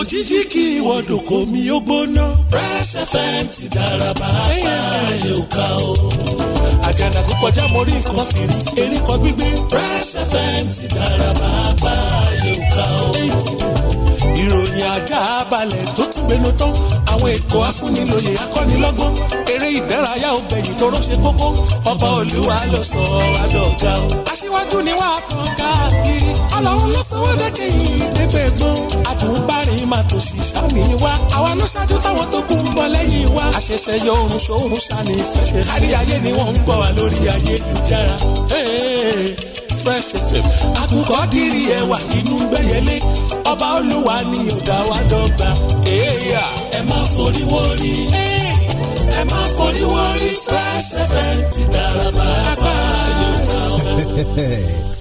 òjijì kí ìwọ́dọ̀ kò mí ó gbóná. Fresh FM ti dára pàápàá yóò ká o. àjànà kó kọjá mo rí nǹkan fìrí erékọ gbígbé. Fresh FM ti dára pàápàá yóò ká o ìròyìn ajá balẹ̀ tó tún gbénu tán àwọn ètò afúnilòyè akọ́nilọ́gbọ́n eré ìdárayá obìnrin tó rọ́ṣẹ́ kókó ọba olúwa ló sọ adọ́gà o. aṣíwájú ni wàá kàn káàkiri ọlọ́run ló sanwó dẹ́kẹ́ yìí pépè gbọ́n àtúbárìn máa tò sí sáni wa àwa ló ṣáájú táwọn tó kù ń bọ̀ lẹ́yìn wa. àṣẹ̀ṣẹ̀ yọ oorun ṣòorun ṣàní ìfẹsẹ̀ kárí ni wọ́n ń gbọ́ wa lórí ayélujára fresh fm àkùkọ dìrì ẹwà inú gbẹyẹlé ọba olúwa ni ọ̀dà wa dọ́gba. ẹ má forí wọrí ẹ má forí wọrí fresh fm ti dára pàápàá.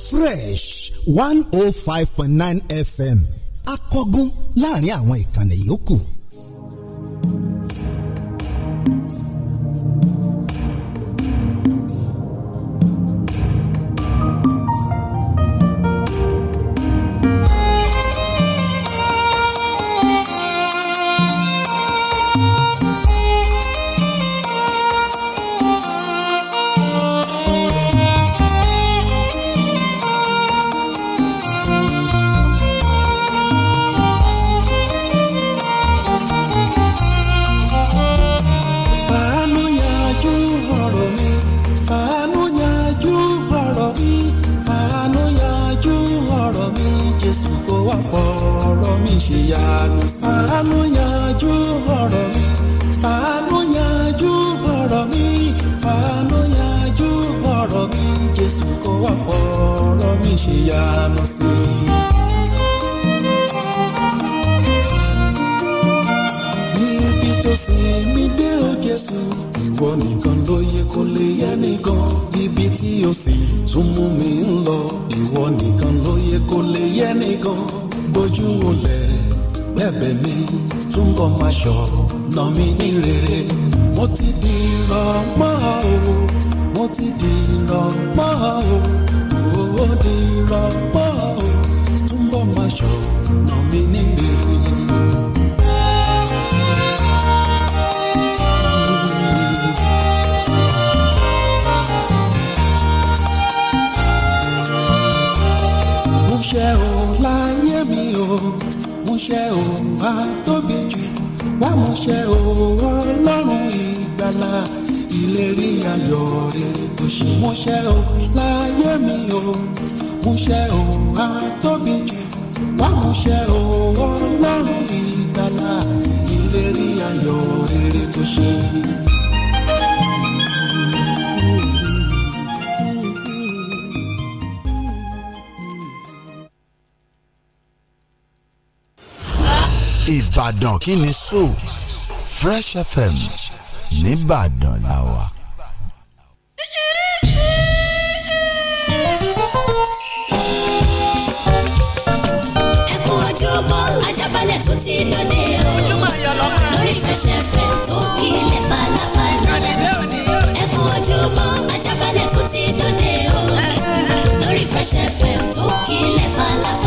fresh one oh five point nine fm akọgun láàrin àwọn ìkànnì yòókù. ìwọ nìkan ló yẹ kó lè yẹ nìkan ibi tí o sì tún mú mi ń lọ ìwọ nìkan ló yẹ kó lè yẹ nìkan bójú olè bẹ̀bẹ̀ mi túnbọ̀ máa ṣọ̀ nà mí ní rere mo ti di rọ̀ mọ́ o mo ti di rọ̀ mọ́ o mo di rọ̀ mọ́ o túnbọ̀ máa ṣọ̀ nà mí ní ṣe o wá tóbi jù wá mo ṣe o ọlọ́run ìgbàlà ìlérí ayọ̀ rere kò ṣe mo o láyé mi o mo ṣe o wá tóbi jù wá mo ṣe o ọlọ́run ìgbàlà ìlérí ayọ̀ rere kò ṣe. Ìbàdàn kí ni so Fresh FM nìbàdàn la wà. ẹ kú ojúbọ Ajaabale tó ti dòde o lórí Fresh FM tó kílẹ̀ falafala ẹ kú ojúbọ Ajaabale tó ti dòde o lórí Fresh FM tó kílẹ̀ falafala.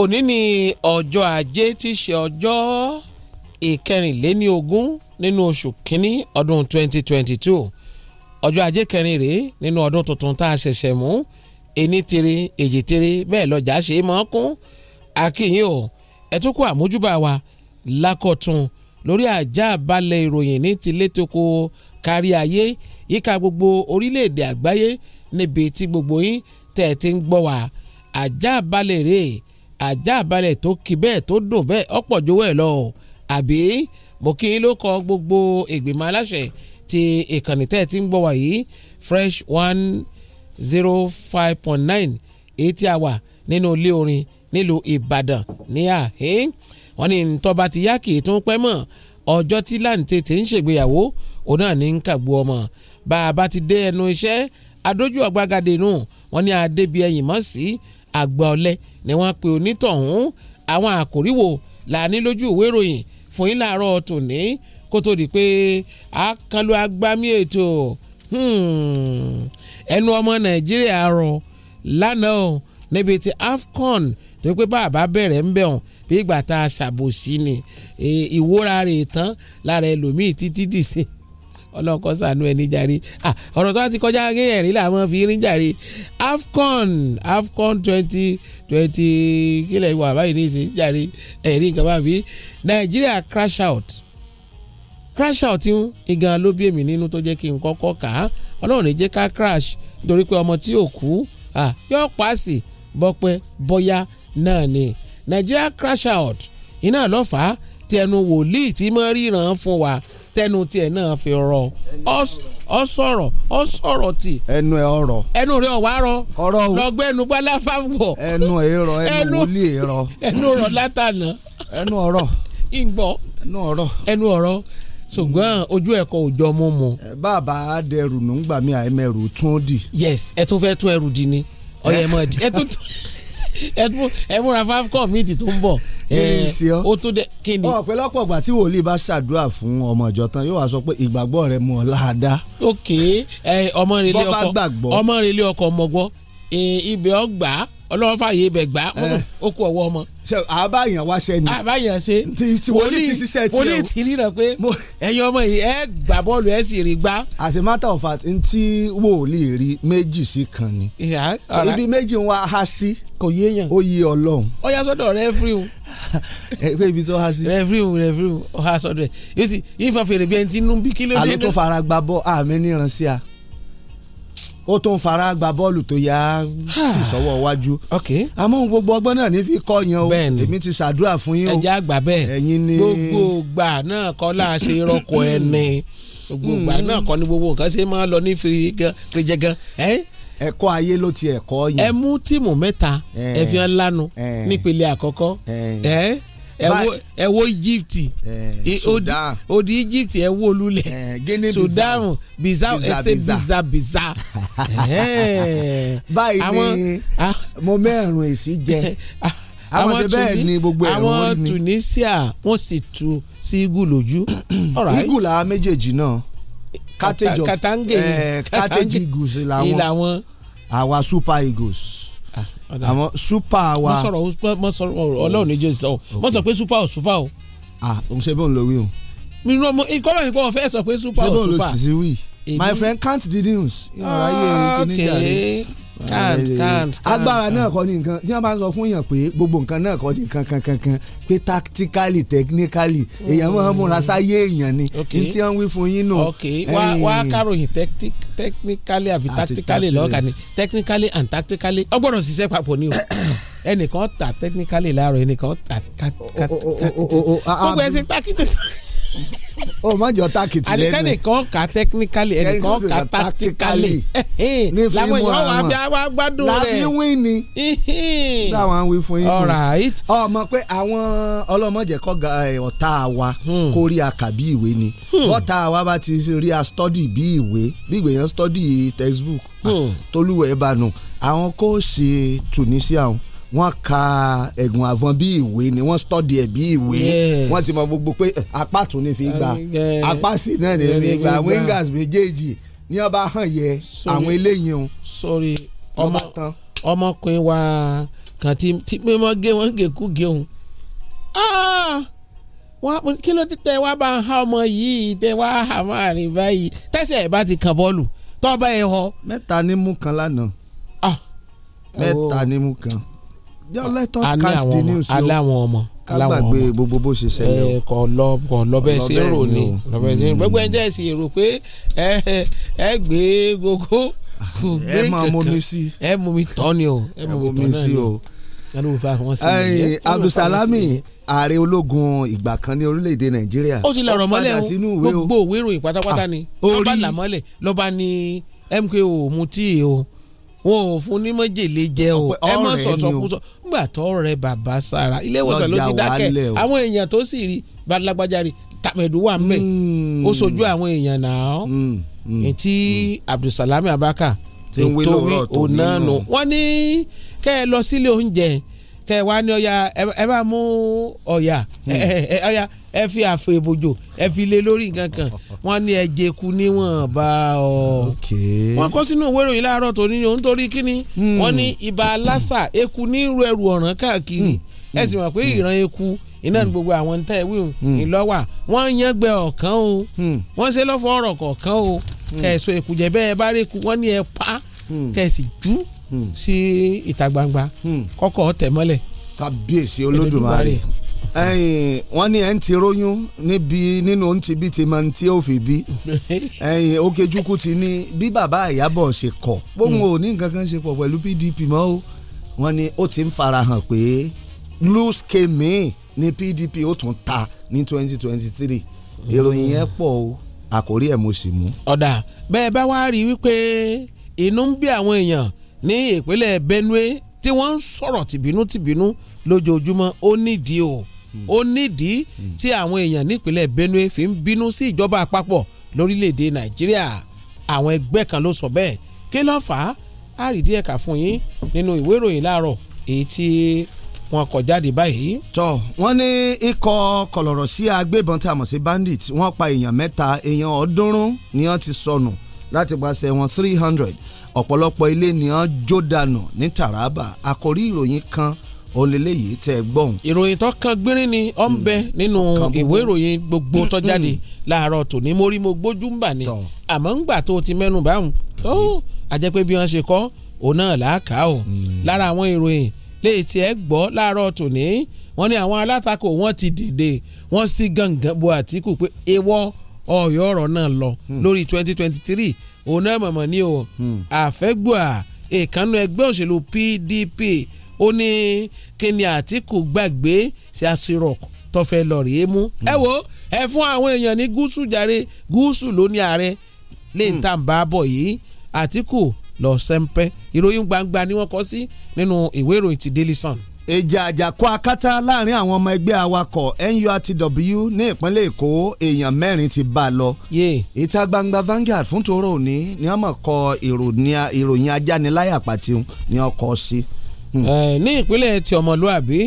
òní ni ọjọ́ ajé tí í ṣe ọjọ́ ìkẹrìnléní ogún nínú oṣù kínní ọdún 2022 ọjọ́ ajé kẹrin rèé nínú ọdún tuntun tá a ṣẹ̀ṣẹ̀ mú ení tiri èjì tiri bẹ́ẹ̀ lọ́jà ṣe é máa kún akínyìn o ẹ̀túnkù àmójúbà wa lákọ̀tún lórí àjà balẹ̀ ìròyìn ní tilé toko kárí ayé yíká gbogbo orílẹ̀-èdè àgbáyé níbi tí gbogbo yín tẹ̀ ti ń gbọ́ wá àjà balẹ̀ rèé ajá àbálẹ̀ tó kì bẹ́ẹ̀ tó dùn bẹ́ẹ̀ ọ̀pọ̀ jowó ẹ̀ lọ àbí mo kí ló kọ gbogbo ìgbìmọ̀ aláṣẹ ti ìkànnì tẹ́ ẹ ti ń gbọ́ wá yìí fresh one zero five point nine èyí tí a wà nínú ilé orin nílùú Ìbàdàn ní àhẹ́ wọ́n ní ntọ́ba ti yá kì í tún pẹ́ mọ́ ọjọ́ tí láǹtẹ̀tẹ̀ ń ṣègbéyàwó òun náà ní ń kàgbó ọmọ bá a bá ti dé ẹnu iṣẹ́ adójú ọ̀gbagadè nù wọ́n ní adébíyẹ̀yìn mọ́ sí àgbà ọ̀lẹ́ ni wọ́n pe onítọ̀hún àwọn àkòrí wo la ní lójú ìwé ìròyìn fún yín láàárọ̀ tòní kó tó di pé àkànlò agbámi ètò hmm. ẹnu ọmọ nàìjíríà rọ lánàá o níbi tí afcon tó pé bàbá bẹ̀rẹ̀ ń bẹ̀ hàn bí ìgbà tá a ṣàbòsí ni ìwúra rè tán lára ẹlòmíì títí dì sí ọlọ́run kó ṣàánú ẹni jàre ọ̀rọ̀ tó bá ti kọjá gé ẹ̀rín làwọn fi rí jàre afcon afcon twenty twenty kílẹ̀ wà báyìí ní ìsìn jàre ẹ̀rí nǹkan bá nàìjíríà crash out crash out ń igan ló bí èmi nínú tó jẹ́ kí n kọ́kọ́ kà á ọlọ́run ní jẹ́ ká crash nítorí pé ọmọ tí ò kú yóò pàṣẹ bọ́pẹ́ bọ́yá náà ni nàìjíríà crash out iná lọ́fàá tẹnu wòlíì tí mo ríran fún wa tẹnu tiẹ̀ náà fi rọ ọ sọ̀rọ̀ ọ sọ̀rọ̀ tì. ẹnu ẹ ọ̀rọ̀. ẹnu rẹ ọwá rọ. ọ̀rọ̀ o lọgbẹ ẹnu gbala fáwọ. ẹnu ẹ rọ ẹnu wòlíì ẹ rọ. ẹnu rọ látànà. ẹnu ọ̀rọ̀. ìgbọ́. ẹnu ọ̀rọ̀. ẹnu ọ̀rọ̀ ṣùgbọ́n ojú ẹ̀kọ́ òjọ́ mú mu. bàbá dẹrù nùgbàmí àìmẹrù tún dì. yes ẹ tún fẹ́ tún ẹrù dì ni ọyẹ mọ̀ ẹ tún tún ẹ múra fáfkọ míìtì tó ń bọ̀ ó tó dé kí ni. ọ̀pẹ̀lọpọ̀ ìgbà tí wòlíì bá ṣàdúrà fún ọmọ ìjọ tán yóò wá sọ pé ìgbàgbọ́ rẹ mọ̀ láadáa. ok ọmọ rẹ lé ọkọ ọmọ rẹ lé ọkọ ọmọ gbọ́ ọgbà ọlọ́run fààyè ibẹ̀ gbà ó eh. ọwọ́ ọmọ. àbáyàn wá sẹ́ni. àbáyàn ṣe wòlíì ti ṣiṣẹ́ tiẹ̀ o wòlíì ti ríra pé ẹ̀yin ọmọ yìí ẹ gbà bọ́ọ̀lù ẹ sì rí gbá. as a matter of fact ntí wòlíì rí méjì sí kan ni ibi méjì ń wá há sí kò yéèyàn ó yí ọlọ́run. ó yà sọ́dọ̀ rẹ́fúrì o. ẹ pé ibi tó há sí. rẹ́fúrì o ó há sọ́dọ̀ ó tún fara gba bọ́ọ̀lù tó yá sí sọ́wọ́ iwájú àmọ́ gbogbo ọgbọ́n náà ní fi kọ́ yẹn o èmi ti ṣàdúrà fún yín o ẹ̀jẹ̀ àgbà bẹ́ẹ̀ ẹ̀yin ni gbogbo gbà náà kọ́ láà ṣe rọ́kọ ẹni gbogbo gbà hmm. náà kọ́ ni gbogbo nǹkan ṣe máa lọ ní fìrìjẹ gan ẹ̀kọ́ ayé ló ti ẹ̀kọ́ yẹn. ẹ mú tíìmù mẹ́ta ẹ fi hàn lánàá nípele àkọ́kọ́ ẹ wo Egypt odi Egypt ẹ wo olulẹ̀ Sudan biza ẹsẹ biza biza. báyìí ni mo mẹ́rùn èsì jẹ àwọn bẹ́ẹ̀ ni gbogbo ẹ̀rọ wọn ni. àwọn Tunisia wọ́n sì tu sí igu lójú. igu làwọn méjèèjì náà cartage of eh, cartage eagles làwọn àwa super eagles àmọ́ súpà wa. mọ sọ̀rọ̀ mọ sọ̀rọ̀ Ọlọ́run ní jésù sọ mọ sọ pé súpà ò súpà ò. ah òun ṣe bóun ló wí o. mi ní ọmọ ìkọ́lọ̀ yìí kò fẹ́ sọ pé súpà ò súpà. ṣé bóun ló sì sí my friend can't the news. ìrọ̀lá yé agbára náà kọ́ ni nǹkan tí wọ́n bá ń sọ fún yàn pé gbogbo nǹkan náà kọ́ ni nǹkan kankankan pé tactically technically èèyàn máa ń múra mm. sáyé èèyàn ni n tí wọ́n wí fún yín nù. ok wá wá káròyìn technically àbí tactically lọ́ọ̀kà ni technically and tactically ó gbọ́dọ̀ ṣiṣẹ́ papọ̀ ni o ẹnìkan ta technically láàárọ̀ ẹnìkan oh, oh, oh, ta ah, gbogbo ah, ẹ̀sìn takítẹ̀ sọ́kì. o oh, ma jọ ta kìtì lẹ́nu àdìkẹ́ nìkan technically ẹnìkan kà tactically ní fi mú ara wọn láfi wín ni dáwọn wí fún yín ọmọ pé àwọn ọlọ́mọdé kọ́ ọ̀tá wa hmm. kó rí a kà bí ìwé ni hmm. ọ̀tá wa bá ti rí a study bí ìwé bí ìwé yẹn study textbook hmm. ah, tolúwẹ̀ẹ́ bá nu àwọn kò ṣe Tunisia wọn wọ́n ka ẹ̀gùn àvọ́n bí ìwé ni wọ́n stọ́dì ẹ̀ bí ìwé wọ́n ti mọ gbogbo pé eh, apá tún ní fi gba apá sì náà ní fi gba wingers méjèèjì ní ọba hàn yẹ àwọn eléyìí o. sori ọmọ ọmọkùnrin wa kan ti ti pé wọ́n gé wọ́n gé kú gé òun ah! wọ́n kí ló ti tẹ wá bá ń há ọmọ yìí tẹ wá há máa rìn báyìí tẹsẹ̀ ẹ̀ bá ti kàn bọ́ọ̀lù tọ́ba ẹ̀ họ. mẹ́ta ní mú kan lánàá ah! mẹ́ta ní mú kan let us catch the news. alẹ́ àwọn ọmọ aláwọn ọmọ gbogbo bó ṣe ṣẹlẹ̀ o kò lọ kò lọ bẹ́ẹ̀ ṣe rò ni gbogbo ẹjẹ sì rò pé ẹ gbé gbogbo kò gbé kankan ẹ máa mọmi sí ẹ mọmi tọ́ ni o ẹ mọmi tọ́ náà ni Abdulsalami ààrẹ ológun ìgbà kan ní orílẹ̀-èdè Nàìjíríà ó ti lọ̀rọ̀ mọ́lẹ̀ o gbogbo òwe ìròyìn pátápátá ni ah, lọ́ba làmọ́lẹ̀ lọ́ba ni MKO mutí o wọn ò fún ní jẹ o ẹ má sọ̀tọ̀kúsọ nígbà tó rẹ bàbá sára ilé ìwòsàn ló ti dákẹ́ àwọn èèyàn tó sì rí balagbaja rí tàbẹ̀dù wà mẹ́ hmm. ó sojú àwọn èèyàn náà etí hmm. hmm. Abdulsalami Abaka ètò onánu wọn ní kẹ́ ẹ lọ sílé oúnjẹ kẹ́ wá ní ọya ẹ bá mú ọya ọya ẹ fi àfẹ ìbòjò ẹ fi lé lórí nǹkan kan wọ́n ní ẹ jẹku níwọ̀nba ọ. wọ́n kọ sínú ìwé ìròyìn láàárọ̀ tó ní o nítorí kíni hmm. wọ́n ní ibà lásà eku ní ru ẹrù ọ̀ràn káàkiri hmm. Hmm. ẹ sì mọ̀ pé ìran eku iná ní gbogbo àwọn tẹ́ wíwù ìlọ́wà wọ́n yàngbẹ́ ọ̀kan o wọ́n ṣe lọ́fọ̀ ọ̀rọ̀ kọ̀ọ̀kan o kẹ̀sọ̀ èkùjẹ́ bẹ́ẹ̀ bá rí ku wọ́n ní ẹ pa kẹ̀sì jú sí ìta gbangba kọ́kọ́ tẹ̀ mọ́lẹ̀. kábíyèsí olódùmarè wọ́n ní ẹ̀ ń ti róyún níbi nínú ohun ti bí ti máa ń tí ó fi bí Okechukwu ti ní bí bàbá Ìyábọ̀ ṣe kọ̀ bóun ò ní nǹkan kan ṣe pọ̀ pẹ̀lú PDP mọ́ o wọ́n ní ó ti ń farahàn pé lose kemi ní PDP ó tún ta ní twenty twenty three ìròyìn yẹn pọ̀ o àkórí ẹ̀ mo sì mú. ọ̀dà bẹ́ẹ̀ bá wá rí i wípé inú ń bí àwọn èèyàn ní ìpínlẹ̀ Benue tí wọ́n ń sọ̀rọ̀ tìbínú tìbínú lójoojúmọ́ ó nídìí o ó nídìí tí àwọn èèyàn nípínlẹ̀ Benue fi ń bínú sí ìjọba àpapọ̀ lórílẹ̀‐èdè Nàìjíríà àwọn ẹgbẹ́ kan ló sọ bẹ́ẹ̀ kí ló fà á á rí díẹ̀ kà fún yín nínú ìwé ìròyìn láàárọ̀ èyí tí wọ́n kọ jáde báyìí. tọ wọ́n ní ikọ̀ kọlọ̀rọ̀ sí agbébọn tá a mọ̀ sí bandit wọ́n pa èèyàn mẹ́ta èèyàn ọ̀ọ́dúnrún ni wọ́n ti sọnù láti pàṣẹ wọn three hundred ọ̀pọ̀lọpọ̀ ilé ni wọ́n jó dànù ní Taraba àkórí ìròyìn kan onílé yìí tẹ́ ẹ gbọ́n. ìròyìn tó kan gbérín ni ó ń bẹ hmm. nínú ìwé ìròyìn gbogbo tó hmm. jáde láàárọ̀ tòní mórí mo gbójú ń bà ní àmọ́ ńgbà tó ti mẹ́nu báwọn tó àjẹpẹ́ hmm. bí wọ́n ṣe kọ́ òun náà làákà o lára àwọn ìròyìn léyìí tí ẹ gbọ́ láàárọ̀ tòní wọ́n ní àwọn alátakò wọ́n ti dìde wọ́n sì gangan bo Àtíkù pé ewọ́ ọ̀yọ́ ọ̀rọ̀ náà lọ lórí twenty twenty three òun náà mọ̀mọ́ ní o àfẹ́gbọ́à èkánú ẹgbẹ́ òṣèlú ó ní kíni àtìkù gbàgbé sí asirọ̀kù tó fẹ́ lọ rèé mú. Hmm. ẹ wo ẹ fún àwọn èèyàn ní gúúsù jàre gúúsù ló ní ààrẹ lè hmm. ń tà ń bá bọ̀ yìí àtìkù lọ sẹ́ńpẹ́ ìròyìn gbangba ni wọ́n kọ sí nínú ìwé ìròyìn ti Daily Sun. èjì àjàkú akátá láàrin àwọn ọmọ ẹgbẹ́ awakọ̀ NURTW ní ìpínlẹ̀ Èkó èèyàn mẹ́rin ti bá a lọ. ìta gbangba Vanguard fún tòró òní ni wọ́n mọ̀ kọ ìròyìn ajániláyà pàtó ni wọ́n kọ sí. Si Hmm. ní ìpínlẹ̀ ti ọmọlúàbí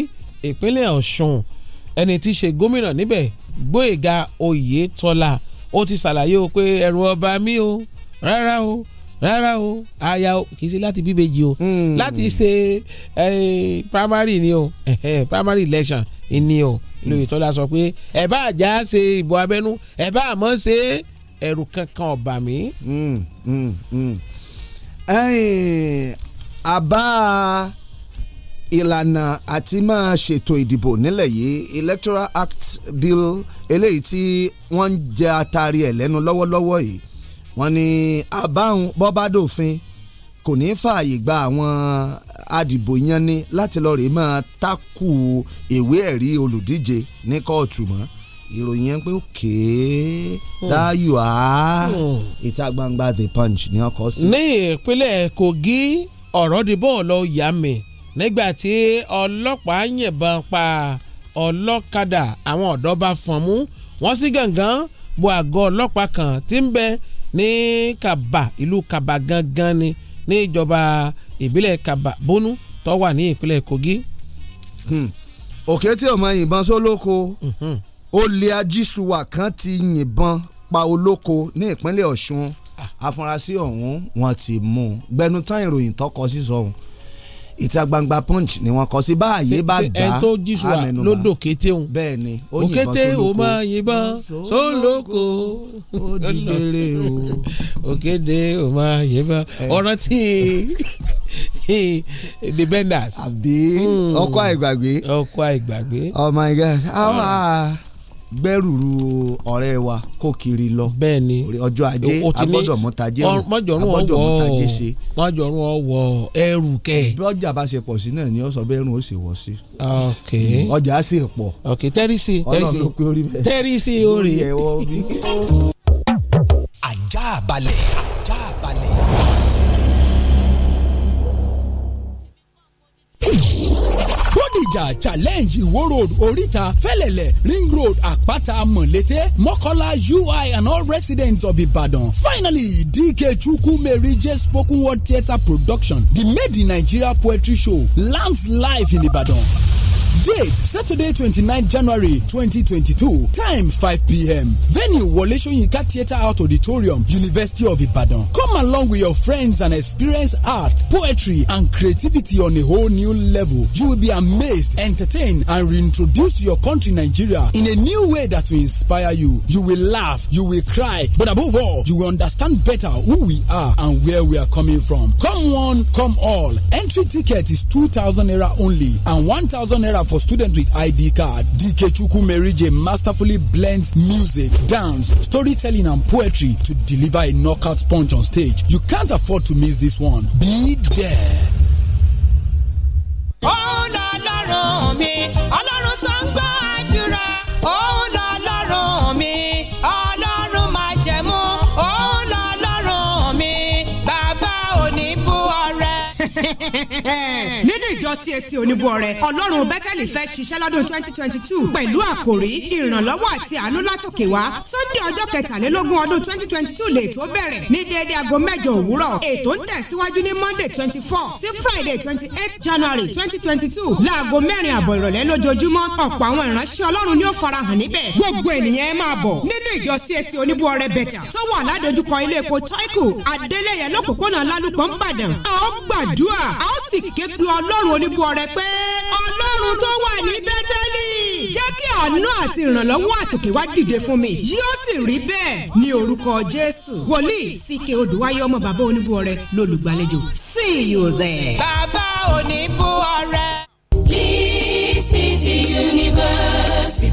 ìpínlẹ̀ ọ̀ṣun ẹni tí í ṣe gómìnà níbẹ̀ gbóyèga oyètọ́lá ó ti ṣàlàyé o pé ẹ̀rù ọba mi o rárá o rárá o aya o kì í ṣe láti bíbejì o hmm. láti ṣe primary ni o primary election ni o hmm. lóyètọ́lá sọ pé ẹ̀ bá àjà ṣe ìbò abẹ́nú ẹ̀ bá àmọ́ ṣe ẹ̀rù kankan ọba mi àbá ìlànà àti máa ṣètò ìdìbò nílẹ̀ yìí electoral act bill eléyìí tí wọ́n ń jẹ atari ẹ̀ lẹ́nu lọ́wọ́lọ́wọ́ yìí wọ́n ní abáhùn bọ́bádòfin kò ní fààyè gba àwọn adìbò yan ni láti lọ rèé máa takù ìwé ẹ̀rí olùdíje ní kóòtù mọ́ ìròyìn yẹn pé òkè dáyò hmm. á hmm. ìta gbangba the punch ni ọkọ sí. ní ìpínlẹ̀ Kogi ọ̀rọ̀ dìbò lọ yá mi nígbà tí ọlọ́pàá yìnbọn pa ọlọ́kadà àwọn ọ̀dọ́ bá fọ́n mú wọ́n sì gàngán bo àgọ́ ọlọ́pàá kan tí ń bẹ ní Kaba ìlú Kaba gangan ni ní ìjọba ìbílẹ̀ Kaba bónú tó wà ní ìpínlẹ̀ Kogi. Hmm. òkè tí ọmọ yìnbọn sólóko mhm. olè ajísùwà kan ti yìnbọn pa olóko ní ìpínlẹ̀ Ọ̀ṣun ah. afurasí ọ̀hún wọ́n ti mú un gbẹnutan ìròyìn tọkọ sísọ ọ̀hún. So ìta gbangba punch ni wọ́n kọ sí báàyè bá gbà á àmẹnuma lódò kété òun bẹ́ẹ̀ ni ó yìnbọn sólókò òkété ò máa yìnbọn sólókò ó dìbèrè o òkété ò máa yìnbọn ọ̀rọ̀ tí the benders. àbí hmm. ọkọ àìgbàgbé. ọkọ àìgbàgbé. oh my god. Ah, yeah gbẹ́rùrù ọ̀rẹ́ wa kó kiri lọ bẹ́ẹ̀ni ọjọ́ ajé agbọ́dọ̀ mọ́tajé agbọ́dọ̀ mọ́tajé ṣe. mọ́jọ̀rún ọwọ́ ẹrù kẹ. bí ọjà bá ṣe pọ̀ sí náà ni ó sọ bẹ́ẹ̀ rún ó sì wọ̀ sí. ok ọjà á sì pọ̀. ok tẹ́rìsì tẹ́rìsì tẹ́rìsì orí. ajá balẹ̀. ìkẹjà challenge ìwó road oríta fẹ́lẹ̀lẹ̀ ring road àpáta mọ̀lété mọ́kọ́lá ui and all residents of ibadan finally dk chukwumeri j spoken word theatre production the made in nigeria poetry show lands live in ibadan. Date Saturday 29 January 2022. Time 5 p.m. Venue Wole Soyinka Theatre Art Auditorium, University of Ibadan. Come along with your friends and experience art, poetry, and creativity on a whole new level. You will be amazed, entertained, and reintroduced to your country, Nigeria, in a new way that will inspire you. You will laugh, you will cry, but above all, you will understand better who we are and where we are coming from. Come one, come all. Entry ticket is 2,000 naira only and 1,000 naira program for students with ID card. DK Chukwu Merije masterfully blends music, dance, storytelling, and poetry to deliver a knockout punch on stage. You can't afford to miss this one. Be there. ó lọ lọ́rùn mi. csc oníbọ̀rẹ̀ ọlọ́run bẹ́tẹ̀lì fẹ́ ṣiṣẹ́ lọ́dún twenty twenty two pẹ̀lú àkòrí ìrànlọ́wọ́ àti àánú látòkè wá sunday ọjọ́ kẹtàlélógún ọdún twenty twenty two lè tó bẹ̀rẹ̀ ní déédéé aago mẹ́jọ òwúrọ̀ ètò ń tẹ̀síwájú ní monday twenty four sí friday twenty eight january twenty twenty two láago mẹ́rin àbọ̀ ìrọ̀lẹ́ lójoojúmọ́ ọ̀pọ̀ àwọn ìránṣẹ́ ọlọ́run ni ó farahàn níbẹ̀ gbogbo ènìyàn ẹ máa bọ̀ nínú ìjọ csc oníbọ̀rẹ̀ bẹ̀tà tó wà ládojúkọ ilé epo tọ́ìkù adeleye lọ́pọ̀pọ̀nà lálùpọ̀ ń a ó a ó sì ké oníbu ọ̀rẹ́ pé ọlọ́run tó wà ní bẹ́tẹ́lì jẹ́ kí àánú àti ìrànlọ́wọ́ àtòkè wá dìde fún mi yóò sì rí bẹ́ẹ̀ ní orúkọ jésù wòlíì síkè odùwáyé ọmọ bàbá oníbu ọ̀rẹ́ lólùgbàlejò see you there. bàbá oníbu ọ̀rẹ́. lee city university.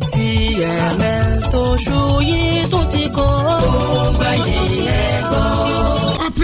CMS tó ṣú yìí tó ti kọ́. ó gbàyè ẹ̀kọ́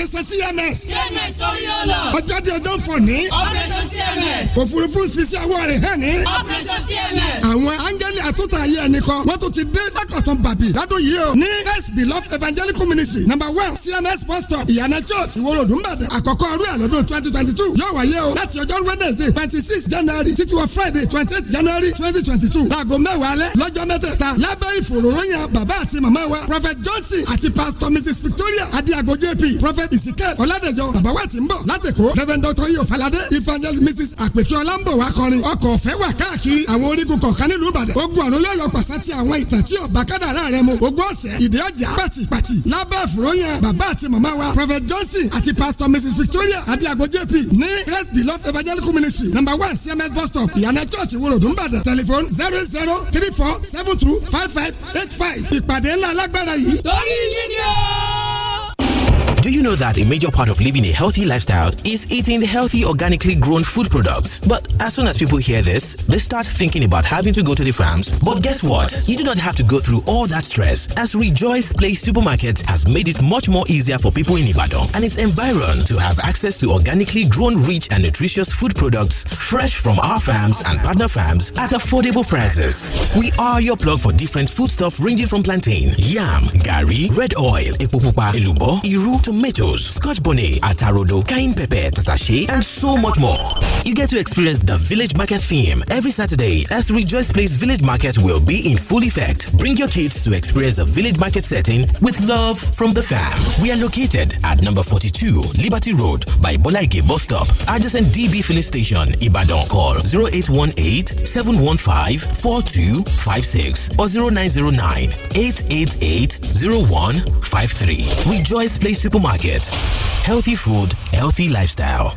operation cms. cms torí yóò lọ. ọjọ́ di ọjọ́ fọ̀ ní. operation cms. òfurufú sisi awọ rẹ̀ hàn ní. operation cms. àwọn áńgẹ́lì àtúntà ayé ẹni kan wọ́n tún ti dé lákọ̀tún bàbí ládùn yìí o. ní first beloved evangelical ministry number one cms bus stop ìyànà church ìwòròdùnbàdàn àkọ́kọ́ ọdún àlọ́dún twenty twenty two yóò wáyé o láti ọjọ́ wednesday twenty six january títí wọ friday twenty eight january twenty twenty two láago mẹ́wàá alẹ́ lọ́jọ́ mẹ́tẹ̀ẹ̀ta lábẹ́ ìfòròròyìn bàbá àti màmá wa prophet johnson àti pastor mrs victoria adiago jp prophet Ezekiel Ọládẹ̀jọ Bàbáwá ti ń bọ̀ láti kó Reverend Dr. Iyo Falade Evangelist Mrs. Àpèkíọ́lá ń bọ̀ wá kọrin ọkọ̀ ọ̀fẹ́ wà káàkiri àwọn orígun kọ̀ọ̀kan nílùú Ìbàdàn ogun ọ̀run yóò yọ pàṣẹ ti àwọn ìtàn tí ọba kádàrá rẹ mu ogun ọ̀sẹ̀ ìdí ọjà pàtì pàtì lábẹ́ àfúróyàn bàbá àti màmá wa Prophet Johnson àti Pastor Mrs. Victoria Adiago JP ní Rest Beloved Evangelical Ministry number one CMS bus stop ìyànà church ìwòròdú Ìbàdàn telephone zero zero three four seven two five five eight five ìpàdé ńlá alágbára yìí. torí yín ni ó. Do you know that a major part of living a healthy lifestyle is eating healthy, organically grown food products? But as soon as people hear this, they start thinking about having to go to the farms. But guess what? You do not have to go through all that stress as Rejoice Place Supermarket has made it much more easier for people in Ibadan and its environs to have access to organically grown, rich, and nutritious food products fresh from our farms and partner farms at affordable prices. We are your plug for different foodstuff ranging from plantain, yam, gari, red oil, epopupa, elubo, iru, tomatoes, scotch bonnet, atarodo, cayenne pepper, tatashi, and so much more. You get to experience the village market theme every Saturday as Rejoice Place Village Market will be in full effect. Bring your kids to experience a village market setting with love from the fam. We are located at number 42 Liberty Road by Bolaige bus stop, adjacent DB filling station, Ibadan. Call 0818 715 4256 or 0909 888 0153. Rejoice Place Super Market. Healthy food, healthy lifestyle.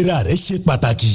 ìlera rẹ ṣe pàtàkì.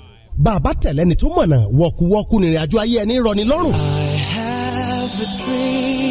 bàbá tẹ̀lẹ́ni tó mọ̀nà wọ̀kúwọ́kú nírìn ayé ẹni rọni lọ́rùn. I have a dream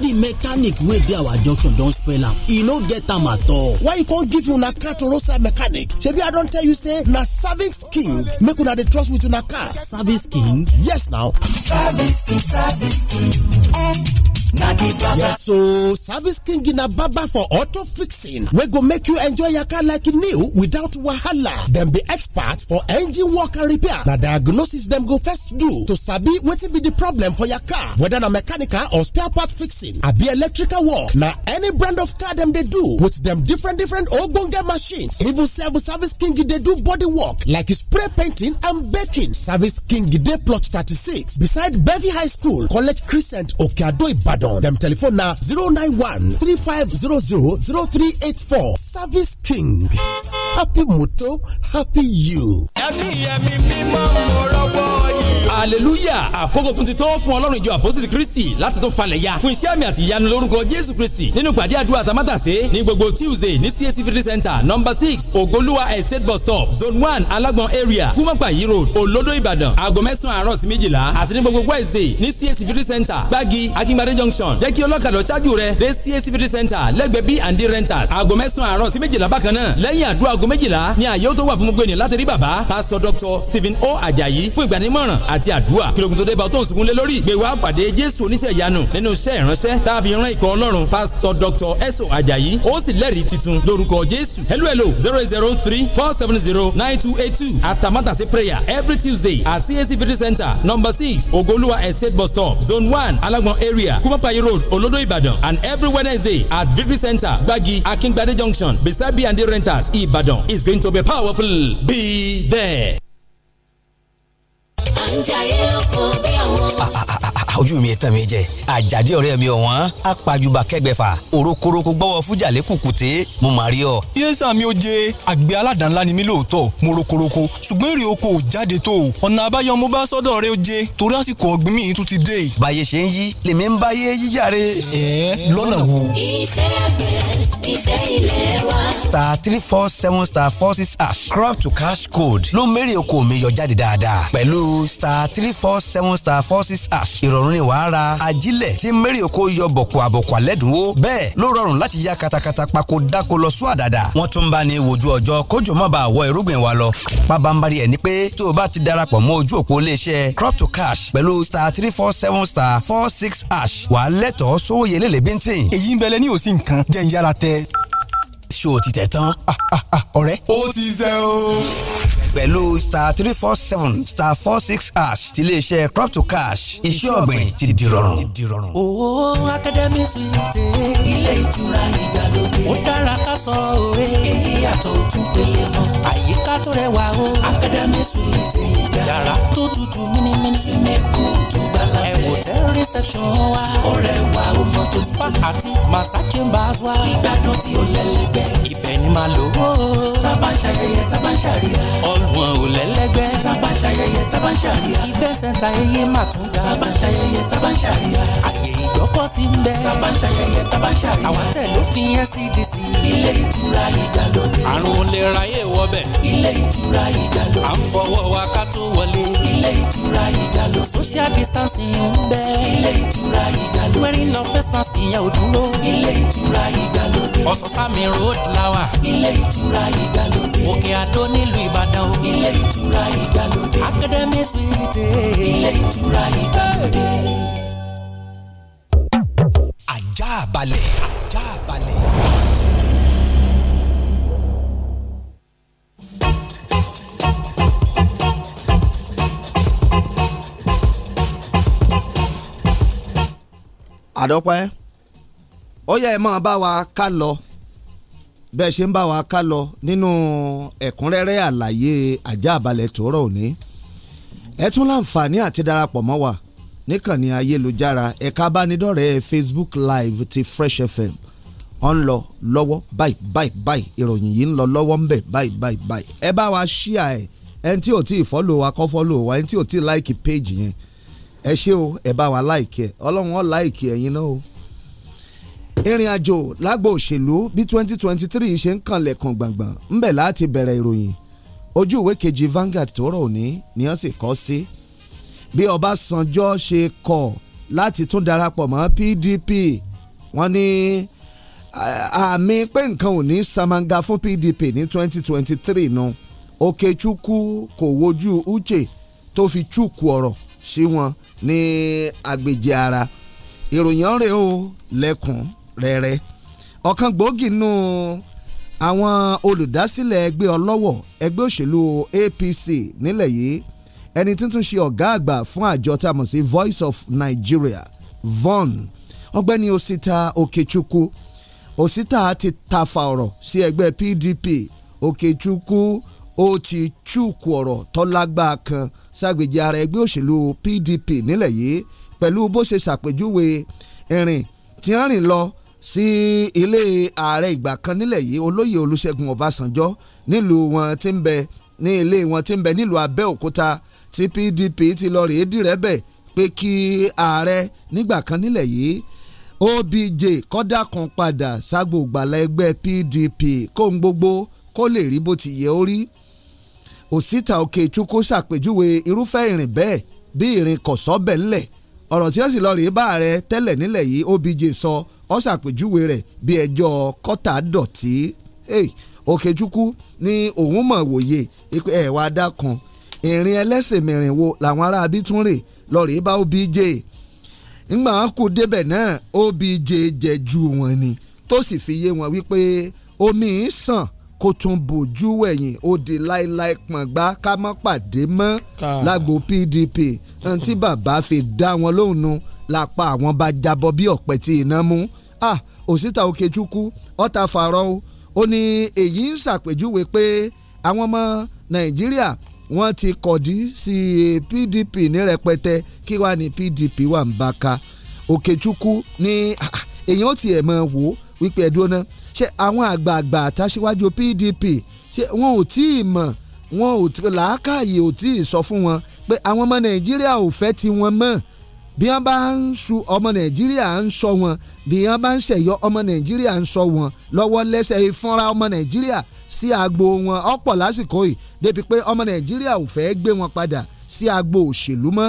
The mechanic wey be our junction don't spoil am He no get them at all why you can't give you a car to roadside mechanic shebi i don't tell you say na service king make una dey trust with una car service king yes now service king service king Baki Baba. Yes, so Service King na Baba for auto fixing. We go make you enjoy your car like new without wahala. Dem be expert for engine work and repair. Na diagnosis them go first do to sabi wetin be the problem for your car. Whether na mechanical or spare part fixing, be electrical work, na any brand of car them they do with them different different ogbonge machines. Even sef Service King they do body work like spray painting and baking. Service King they plot 36 beside Bevy High School, College Crescent, Okeado, Ibadan dem telephone na 091 3500 0384 service king happy moto happy you. ẹ̀mí ẹ̀mí mímọ́ mo rọ́wọ́ yìí. hallelujah àkókò tún ti tó fún ọlọ́run ìjọ àpọ́sítì kristi láti tún falẹ̀ ya fún iṣẹ́ àmì àti ìyanu lórúkọ jésù kristi nínú pàdé àdúrà tamátàsé ní gbogbo tuesday ní csc fifty center number six ogoluwa estate bus stop zone one alágbọn area kúmọ̀pàyí road olodo ìbàdàn aago mẹ́sàn-án àárọ̀ sí méjìlá àti ní gbogbo wednesday ní csc fifty center gbági akíngbadé junction junction jẹ́ kí ọlọ́kadà ṣáájú rẹ dé CAC fitri center lẹ́gbẹ̀ẹ́ b and d renters aago mẹ́sàn-án àárọ̀ sí méjìlá bákan náà lẹ́yìn àdúrà aago méjìlá ni àyè ó tó wà fún gbogbo ènìyàn láti rí bàbá pásítọ̀ Dr. Stephen O. Ajayi fún ìgbanímọ̀ràn àti àdúrà kìlógun tó dé bá tó ń sunkún lé lórí gbèwà pàdé Jésù oníṣẹ́ ìyanu nínú iṣẹ́ ìránṣẹ́ tá a fi ran ikọ̀ Ọlọ́run pásítọ̀ Dr. S. O. Ajayi ó sì lẹ́rìí titun lórúkọ Jésù hello hello zero zero three four seven zero nine two eight two atamátàsí prayer every Tuesday at CAC fitri center number six Ogoluwa Estate bus stop zone one Alagbon area kúmọ́pàyẹ́rọ road olodo ibadan and every wednesday at victory center gbagi akingbade junction beside bnd renters ibadan is going to be powerful be there ojú mi tán mi jẹ àjàdí ọ̀rẹ́ mi ọ̀wọ́n apàjùbà kẹgbẹ̀fà òrokoroko gbọ́wọ́ kùkùté mo mà rí ọ. yéésà mi ò jẹ àgbẹ̀ aládàá ni mí lóòótọ́ mo rokoroko ṣùgbọ́n èrè oko ò jáde tó o ọ̀nà àbáyọ mo bá sọ́dọ̀ rẹ ó jẹ torí àsìkò ọ̀gbìn mi tún ti dé. báyé ṣe ń yí lèmi ń báyé yíjàre. ẹ lọ́nà wo. iṣẹ́ àgbẹ̀ iṣẹ́ ilé wa. star three four seven star four six hash crop to cash code ló mẹ́rẹ̀ oko mi yọ jáde dáadáa pẹ̀lú star three four seven star four six hash rọrùn ni wàá ra ajílẹ̀ tí mẹ́rì oko yọ bọ̀kọ̀ àbọ̀kọ̀ àlẹ́dùnwó bẹ́ẹ̀ ló rọrùn láti ya katakata pako dáko lọ sún àdàdà wọ́n tún bá ní wojú ọjọ́ kójú má bàa wọ irúgbìn wa lọ pabambari ẹ̀ ni pé tó o bá ti darapọ̀ mọ́ ojú òpó iléeṣẹ́ crop to cash pẹ̀lú star three four seven star four six ash wàá lẹ́tọ̀ọ́ sówó yẹlẹ́lẹ́ bíntín. èyí ń bẹ̀lẹ̀ ní òsì nǹkan jẹ́ ń yára tẹ. ṣé o ti tẹ̀ tán? Ah, ah, ah, ọ̀rẹ́. ó ti zẹ́ o pẹ̀lú star three four seven star four six hash ti iléeṣẹ́ crop to cash iṣẹ́ ọ̀gbìn ti di rọrùn. owó academy suite ilé ìtura ìgbàlódé ó dára ká sọ òwe tó tún pélé mọ́. àyíká tó rẹwà o. akademi suwite ìgbà. yàrá tó tutù mímímí. sinimu tó bá fẹ́. ẹ̀wò tẹ́ reception wa. ọ̀rẹ́ wa o mọ tó ti tó. àti massa chambers wa. ìgbádùn tí o lẹ́lẹ́gbẹ́. ibẹ̀ ni màá lò ó. taba ń ṣayẹyẹ taba ń ṣàríyá. ọgbọ̀n ò lẹ́lẹ́gbẹ́. taba ń ṣayẹyẹ taba ń ṣàríyá. ìfẹ́ sẹ́ńtà eyé mà tún ga. taba ń ṣayẹyẹ taba ń ṣàríyá. àyè ìgbọ́kọ̀sí ń bẹ. taba ṣayẹyẹ taba ń ṣàríyá. àwọn tẹ̀ ló fi NCDC ilé ìtura ìdàlódé. àrùn olè ráyè wọbẹ̀. ilé ìtura ìdàlódé. à ń fọwọ́ wa ká tó wọlé. ilé ìtura ìdàlódé. social distancing ń bẹ. ilé ìtura ìdàlódé. wearing no face mask ìyẹn ò dúró. ilé ìtura ìdàlódé. ọ̀sán-sámi road lawa. ilé ìtura ìdàlódé. òkè àdó nílùú ìbàdàn o. ilé ìtura ìdàlódé. academy suite. ilé ìtura ìdàlódé. ajá balẹ̀ ajá balẹ̀. àdọ́pẹ́ ó yẹ ẹ máa bá wa ká lọ bẹ́ẹ̀ ṣe ń bá wa ká lọ nínú ẹ̀kúnrẹ́rẹ́ àlàyé ajá àbálẹ̀ tòórọ̀ òní ẹ tún láǹfààní àti darapọ̀ mọ́ wa níkànnì ayélujára ẹ̀ka abánidọ́rẹ̀ẹ́ Facebook live ti Fresh FM ó ń lọ lọ́wọ́ báyìí báyìí báyìí ìròyìn yìí ń lọ lọ́wọ́ ń bẹ̀ báyìí báyìí báyìí ẹ bá wa ṣíà ẹ̀ ẹni tí ò tí ì fọ́lò wa kọ́ fọ́lò wa ẹni tí ò tí ì láìkì péjì yẹn ẹ ṣé o ẹ bá wa láìkí ẹ ọlọ́run ọ̀ láìkí ẹ̀yin náà o. ìrìn àjò lágbo òṣèlú bí 2023 ṣe ń kanlẹ̀ kan gbàngbàn ńbẹ̀ láti bẹ̀rẹ̀ ìròyìn ojú ìwé kejì Vanguard tó rọ̀ òní ni wọ́n sì kọ́ sí bí Ọbásanjọ́ ṣe kọ̀ láti tún darapọ̀ mọ́ PDP wọ́n ní àmì pé nǹkan ò ní samanga fún PDP ní 2023 nu Okechukwu kò wojú Uche tó fi chukwu ọ̀rọ̀ sí wọn ní agbèjì ara ìròyìn ọ̀rẹ́ o lẹ́kùn rẹ́rẹ́ ọ̀kan gbòógì nù àwọn olùdásílẹ̀ ẹgbẹ́ ọlọ́wọ̀ ẹgbẹ́ òṣèlú APC nílẹ̀ yìí ẹni tuntun ṣe ọ̀gá àgbà fún àjọ tá a mọ̀ sí Voice of Nigeria VON ọgbẹ́ni Osita Okechukwu Osita ti tafa ọ̀rọ̀ sí ẹgbẹ́ PDP Okechukwu. Okay, ó ti chúùkù ọ̀rọ̀ tọ́lágbá kan ságbèjì ara ẹgbẹ́ òṣèlú PDP nílẹ̀ yìí pẹ̀lú bó ṣe ṣàpèjúwe ìrìn tí wọ́n rìn lọ sí ilé ààrẹ ìgbà kan nílẹ̀ yìí olóyè Olúṣẹ́gun Ọbásanjọ́ nílùú wọn tí ń bẹ ní ilé wọn tí ń bẹ nílùú Abẹ́òkúta tí PDP ti lọ rèé dìrẹ́bẹ̀ pé kí ààrẹ nígbà kan nílẹ̀ yìí OBJ kọ́dà kan padà ságbó ẹgbẹ́ PDP kóhun gbogbo kó lè rí bó ti yẹ ó òsítà òkè ìtúkú ṣàpèjúwe irúfẹ́ ìrìn bẹ́ẹ̀ bí ìrìn kọ̀sọ́bẹ̀ ńlẹ̀ ọ̀rọ̀ tí ó sì lọ rèé bá ààrẹ tẹ́lẹ̀ nílẹ̀ yìí Obj sọ ọ́ ṣàpèjúwe rẹ̀ bí ẹjọ́ kọ́tà dọ̀tí Òkèchukwu ni òun mọ̀ wòye ẹ̀ wá dákun ìrìn ẹlẹ́sìn mìíràn wo làwọn ará abítúnrè lọ rèé bá Obj ńgbà wọn kú débẹ̀ náà Obj jẹ̀jú wọn ni tó sì fi yé wọn wípé omi ń sàn kó tún bójú wẹ̀yìn ó di láéláé pọ̀ngbá ká má pàdé mọ́ lágbo PDP ohun tí bàbá fi dá wọn lóhùn nu lápá àwọn bá jábọ́ bí ọ̀pẹ tí iná mú ah òsítà Okechukwu ọ̀tá fàárọ̀ o ó ní èyí ń ṣàpèjúwe pé àwọn ọmọ Nàìjíríà wọ́n ti kọ̀dí sí PDP ní rẹpẹtẹ kí wàá ní PDP wà ń bá ka Okechukwu ní èyàn ó tiẹ̀ mọ̀ wò wípé ẹ̀dúró náà ṣé àwọn àgbààgbà àtàṣíwájú PDP ṣé wọn ò tí ì mọ̀ wọn ò tí làákàyè ò tí ì sọ fún wọn pé àwọn ọmọ Nàìjíríà ò fẹ́ ti wọn mọ́ bí wọ́n bá ń su ọmọ Nàìjíríà ń sọ wọn bí wọ́n bá ń ṣẹ̀yọ ọmọ Nàìjíríà ń sọ wọn lọ́wọ́ lẹ́sẹ̀ ìfúnra ọmọ Nàìjíríà sí agbo wọn ọ̀pọ̀ lásìkò yìí débi pé ọmọ Nàìjíríà ò fẹ́ gbé wọn padà sí agbo òṣèlú mọ́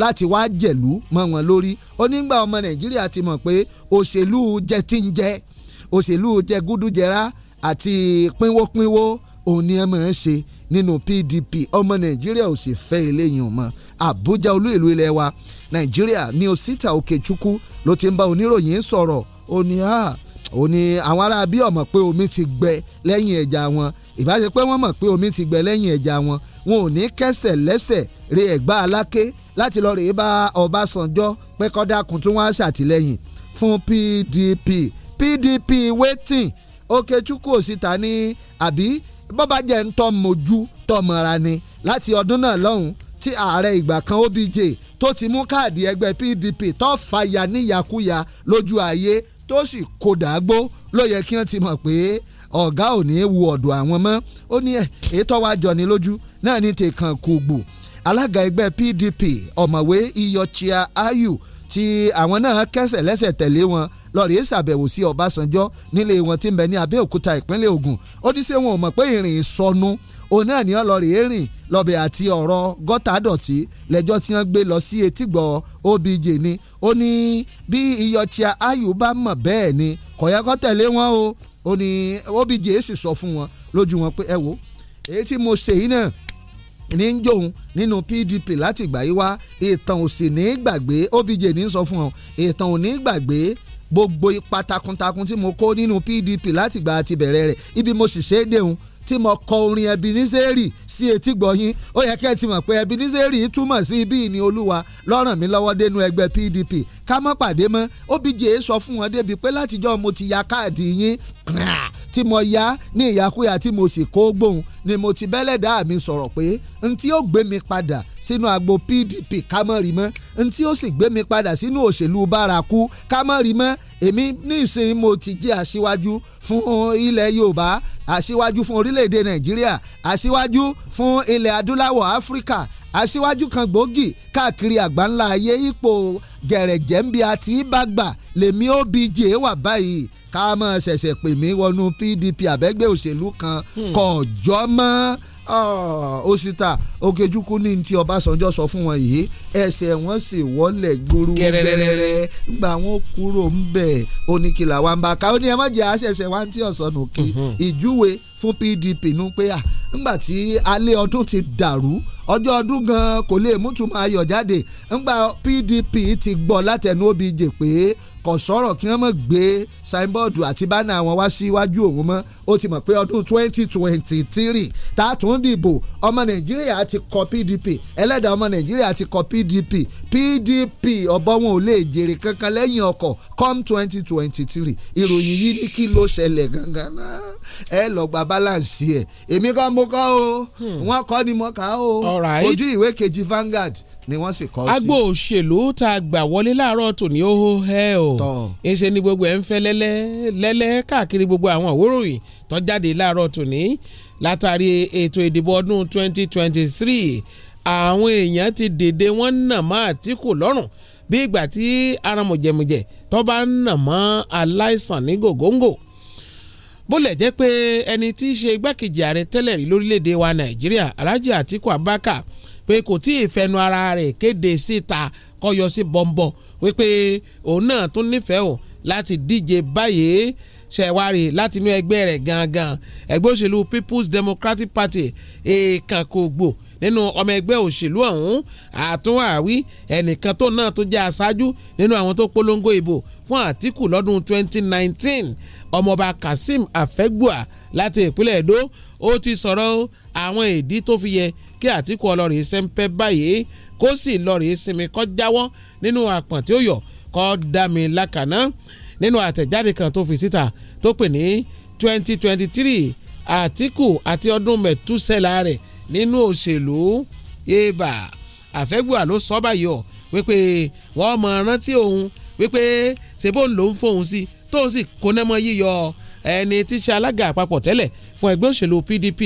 láti wá jẹ̀lú mọ́ wọn lórí ó nígbà ọmọ Nàìjíríà ti mọ̀ pé òṣèlú jẹ ti òṣèlú jẹgúdújẹrá àti pínwópínwó òun ni ẹ máa ń ṣe nínú PDP ọmọ Nàìjíríà ò sì fẹ́ eléyìí mọ́ Àbújá olú ìlú ilẹ̀ wa Nàìjíríà ní Osita Okechukwu ló ti ń bá oníròyìn sọ̀rọ̀ ó ní à ó ní àwọn ará bí ọmọ pé omi ti gbẹ lẹ́yìn ẹja wọn ìbáṣe pé wọ́n mọ̀ pé omi ti gbẹ lẹ́yìn ẹja wọn wọn ò ní kẹsẹ̀ lẹ́sẹ̀ re ẹ̀gbá aláké láti lọ rèé bá Ọbásanjọ́ pé kó ṣàtìlẹ́yìn fún PDP PDP waiting Okechukwu òsìta ní àbí bọ́bá jẹ́ ń tọ́ mojú tọmọra ni láti ọdún náà lọ́hùn tí ààrẹ ìgbà kan OBJ tó ti mú káàdì ẹgbẹ́ PDP tó fàyà níyàkúyà lójú ayé tó sì kó dàgbó ló yẹ kí wọ́n ti mọ̀ pé ọ̀gá ò ní í wu ọ̀dọ̀ àwọn mọ́ ó ní ètò wa jọni lójú náà ní tèkàn kùgbù alága ẹgbẹ́ PDP ọ̀mọ̀wé iyọ̀chia ayu tí àwọn náà kẹsẹ̀ lẹ́sẹ̀ tẹ̀lé wọn lọ́ọ̀rì ṣàbẹ̀wò sí Ọbásanjọ́ nílé wọn tí ń bẹ ní Abẹ́òkúta ìpínlẹ̀ Ògùn ó ti ṣe wọn ò mọ̀ pé ìrìn ìsọnu òun náà ní ọlọ́ọ̀rì erin lọ́bẹ̀ àti ọ̀rọ̀ gọ́tà dọ̀tí lẹ́jọ́ tí wọ́n gbé lọ sí etígbọ̀ Obij ni ó ní bí iyọ̀chia ayù bá mọ̀ bẹ́ẹ̀ ni kọ̀yẹ́kọ́ tẹ̀lé wọn o ó ní Obij èsì sọ fún wọn lójú wọn pé ẹ wo èyí tí mo ṣe yìí náà ní ń jòun nínú PDP láti ìgbà yìí wá ìtàn ò sì ní gbàgbé Obij ní sọ fún ọ ìtàn ò ní gbàgbé gbogbo ipa takuntakun tí mo kó nínú PDP látìgbà àti bẹ̀rẹ̀ rẹ̀ ibi mo sì ṣe é dẹ̀hun tí mo kọ orin Ebenezer sí etí gbọ̀yìn ó yẹ kẹ́ ẹ ti mọ̀ pé Ebenezer túmọ̀ sí ibi ìní olúwa lọ́ràn mi lọ́wọ́ dénú ẹgbẹ́ PDP ká má pàdé mọ́ Obije sọ fún wọn débi pé látijọ́ mo ti ya káàdì yín tí mo ya ní ìyakuya tí mo sì kó gbóhùn ni mo ti bẹ́lẹ̀dá mi sọ̀rọ̀ pé n tí ó gbé mi padà sínú agbo PDP kámọ́rì mọ́ n tí ó sì gbé mi padà sínú òṣèlú bárakú kámọ́rì mọ́ èmi nísìnyí mo ti jẹ́ aṣíwájú fún ilẹ̀ Yorùbá aṣíwájú fún orílẹ̀-èdè Nàìjíríà aṣíwájú fún ilẹ̀ adúláwọ̀ Áfíríkà aṣíwájú kan gbòógì káàkiri àgbáńlá ayé ipò gẹ̀rẹ̀jẹ̀ ń bi àti ìbàgbà lèmi OBJ wà báyìí ká mọ̀ ṣẹ̀ṣẹ̀ pè mí wọnú PDP àbẹ́gbẹ́ òṣèlú kan hmm. kọjọ́ mọ́ òsìta Okechukwu ní ti Ọbásanjọ́ sọ fún wọn yìí ẹsẹ̀ wọn sì wọlé gbúrú gẹrẹrẹ gba wọn kúrò ń bẹ̀ oníkìlà wa ń bá ká ó ní ẹ má jẹ́ wa ń tí ọ̀sán nù hmm. ìjúwe fún PDP nù pé à ńgbà tí alẹ́ ọdún ti dàrú ọjọ́ ọdún gan kò lè mútu máa yọ̀ jáde ńgbà PDP ti gbọ́ látẹnu Obíje pé kò sọ̀rọ̀ kí wọ́n mọ̀ gbé signboard àti bánà wọn wá síwájú òun mọ́ ó ti mọ̀ pé ọdún twenty twenty three tá a tún dìbò ọmọ nàìjíríà ti kọ pdp ẹlẹ́dàá ọmọ nàìjíríà ti kọ pdp pdp ọ̀bọ wọn ò lè jèrè kankan lẹ́yìn ọkọ̀ com twenty twenty ìròyìn yìí ní kí ló ṣẹlẹ̀ gangan náà ẹ lọ gba balance ẹ̀ èmi kọ́ mo kọ́ o hmm. wọ́n kọ́ ni mo kà á o ojú ìwé kejì Vanguard ni wọ́n sì kọ́ sí. agbo òṣèlú tá a gbà wọlé láàárọ̀ tòní ó hẹ o ẹsẹ̀ ni gbogbo ẹ̀ ń fẹ́ lẹ́lẹ́ lẹ́lẹ́ káàkiri gbogbo àwọn òwúròyìn tó jáde láàárọ̀ tòní látàrí ètò ìdìbò ọdún 2023 àwọn èèyàn ti dèdè wọ́n nà má Àtíkù lọ́rùn bí ìgbà tí ara mọ̀jẹ̀mọ̀jẹ̀ tó bá ń nà mọ́ aláìsàn ní gògóńgò bólẹ̀ jẹ́ pé ẹni tí í ṣe igbákejì ààrẹ tẹ́lẹ̀ rí lórílẹ̀‐èdè wa Nàìjíríà Alhaji Atiku Abubakar pé kò tí ì fẹnu ara rẹ̀ kéde síta kọyọ sí bọ́ńbọ́ wípé òun náà tún nífẹ̀ẹ́ o láti díje báyìí ṣẹ̀wárì láti inú ẹgbẹ́ rẹ̀ gangan ẹgbẹ́ òṣèlú People's Democratic Party èèkàn kò gbò nínú ọmọ ẹgbẹ́ òṣèlú ọ̀hún àtún àwí ẹnìkan tó náà tó jẹ́ aṣáájú nínú àwọn tó polongo ìbò fún Àtíkù lọ́dún 2019 ọmọọba Kasim Afẹ́gbùà láti ìpínlẹ̀ Èdó ó ti sọ̀rọ̀ àwọn ìdí tó fi yẹ kí Àtíkù ọlọ́rin sẹ́ńpẹ́ báyìí kó sì lọ́rin sinmi kọ́ jáwọ́ nínú àpọ̀n tí ó yọ kọ́ dá mi lákàná nínú àtẹ̀jáde kan tó fi síta tó pè ní 2023 Àtíkù àti ọdún mẹ́túsẹ́là rẹ̀ nínú òṣèlú yébà àfẹ́gbùà ló sọ báyìí ọ̀ wípé wọ́n mọ̀ rántí òun wípé ṣebó ń lòún fóun sí tóun sì kónámọ́ yíyọ ẹni tí ṣe alága àpapọ̀ tẹ́lẹ̀ fún ẹgbẹ́ òṣèlú PDP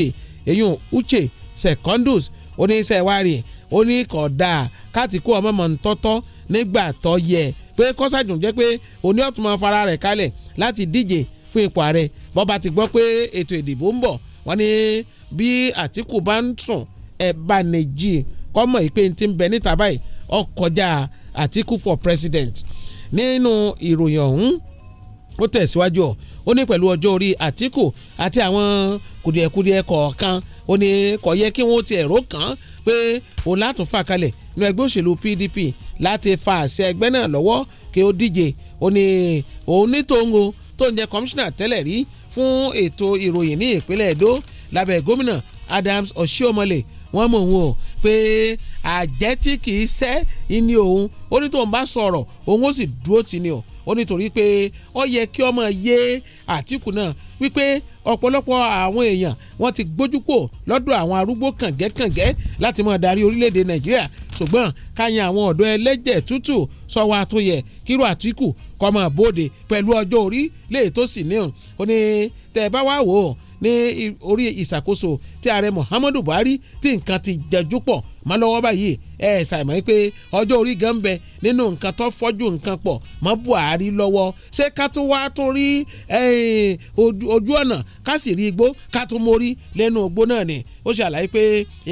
èyun Uche secondus ó ní iṣẹ́ wa rè ó ní kódà kátìkú ọmọ mọ̀ ń tọ́tọ́ nígbà tó yẹ pé kọ́sàdùn jẹ́ pé òní ọ̀tún máa fara rẹ̀ kalẹ̀ láti díje fún ipò ààrẹ bọ́ba ti gbọ́ pé ètò ìdìbò ń bọ̀ wọ́n ní bí Àtíkù bá ń sùn ẹ̀ bá ní jí kọ́mọ̀ ìpè ti bẹ níta báyìí ọkọjá Àtíkù for president nínú ìròyìn ọ̀hún ó tẹ̀síwájú ọ̀ ó ní pẹ̀lú ọjọ́ orí Àtíkù àti àwọn kùdìẹ̀kùdìẹ̀ kọ̀ọ̀kan ó ní kò yẹ kí wọ́n ti ẹ̀rọ kàn án pé òun látún fà kalẹ̀ nínú ẹgbẹ́ òṣèlú PDP láti fa àṣẹ ẹgbẹ́ náà lọ́wọ́ kí ó díje ó ní òun ní tòun o tó ń jẹ́ kọmíṣánná tẹ́lẹ̀ rí fún ètò ìròyìn ní ìpínlẹ̀ Èdó lábẹ́ gómìnà Adams Oshiomhole wọ́n mọ̀ òun o pé àjẹ́ tí kì í ṣẹ́ ni òun ó ní tóun bá sọ̀rọ̀ òun ó sì dúró tì ní o ó nítorí pé ó yẹ kí ọmọ yé Àtìkù náà wípé ọ̀pọ̀lọpọ̀ àwọn èèyàn wọ́n ti gbójúpò lọ́dọ̀ àwọn arúgbó kàngẹ́kàngẹ́ láti máa darí orílẹ̀-èdè Nàìjíríà ṣùgbọ́n káyìn àwọn ọ̀dọ́ ẹlẹ́jẹ̀ tútù sọ́wọ́ àtúnyẹ̀ kíró Àtìkù kọ́mọ bóde pẹ̀lú ọjọ́ orí lè tó sì ní òun ó ní tẹ̀ bá wà wò ó ní orí ìṣàkóso tí ààrẹ Muhammadu Buhari tí nǹkan ti jẹjú pọ̀ mọ́ lọ́wọ́ báyìí ẹ ẹ ṣàìmọ̀ pé ọjọ́ orí gan bẹ nínú nǹkan tó fọ́jú nǹkan pọ̀ mọ́ Buhari lọ́wọ́ ṣé ká tún wá tún rí ojú ọ̀nà ká sì rí igbó ká tún mórí lẹ́nu ògbó náà ni ó ṣàlàyé pé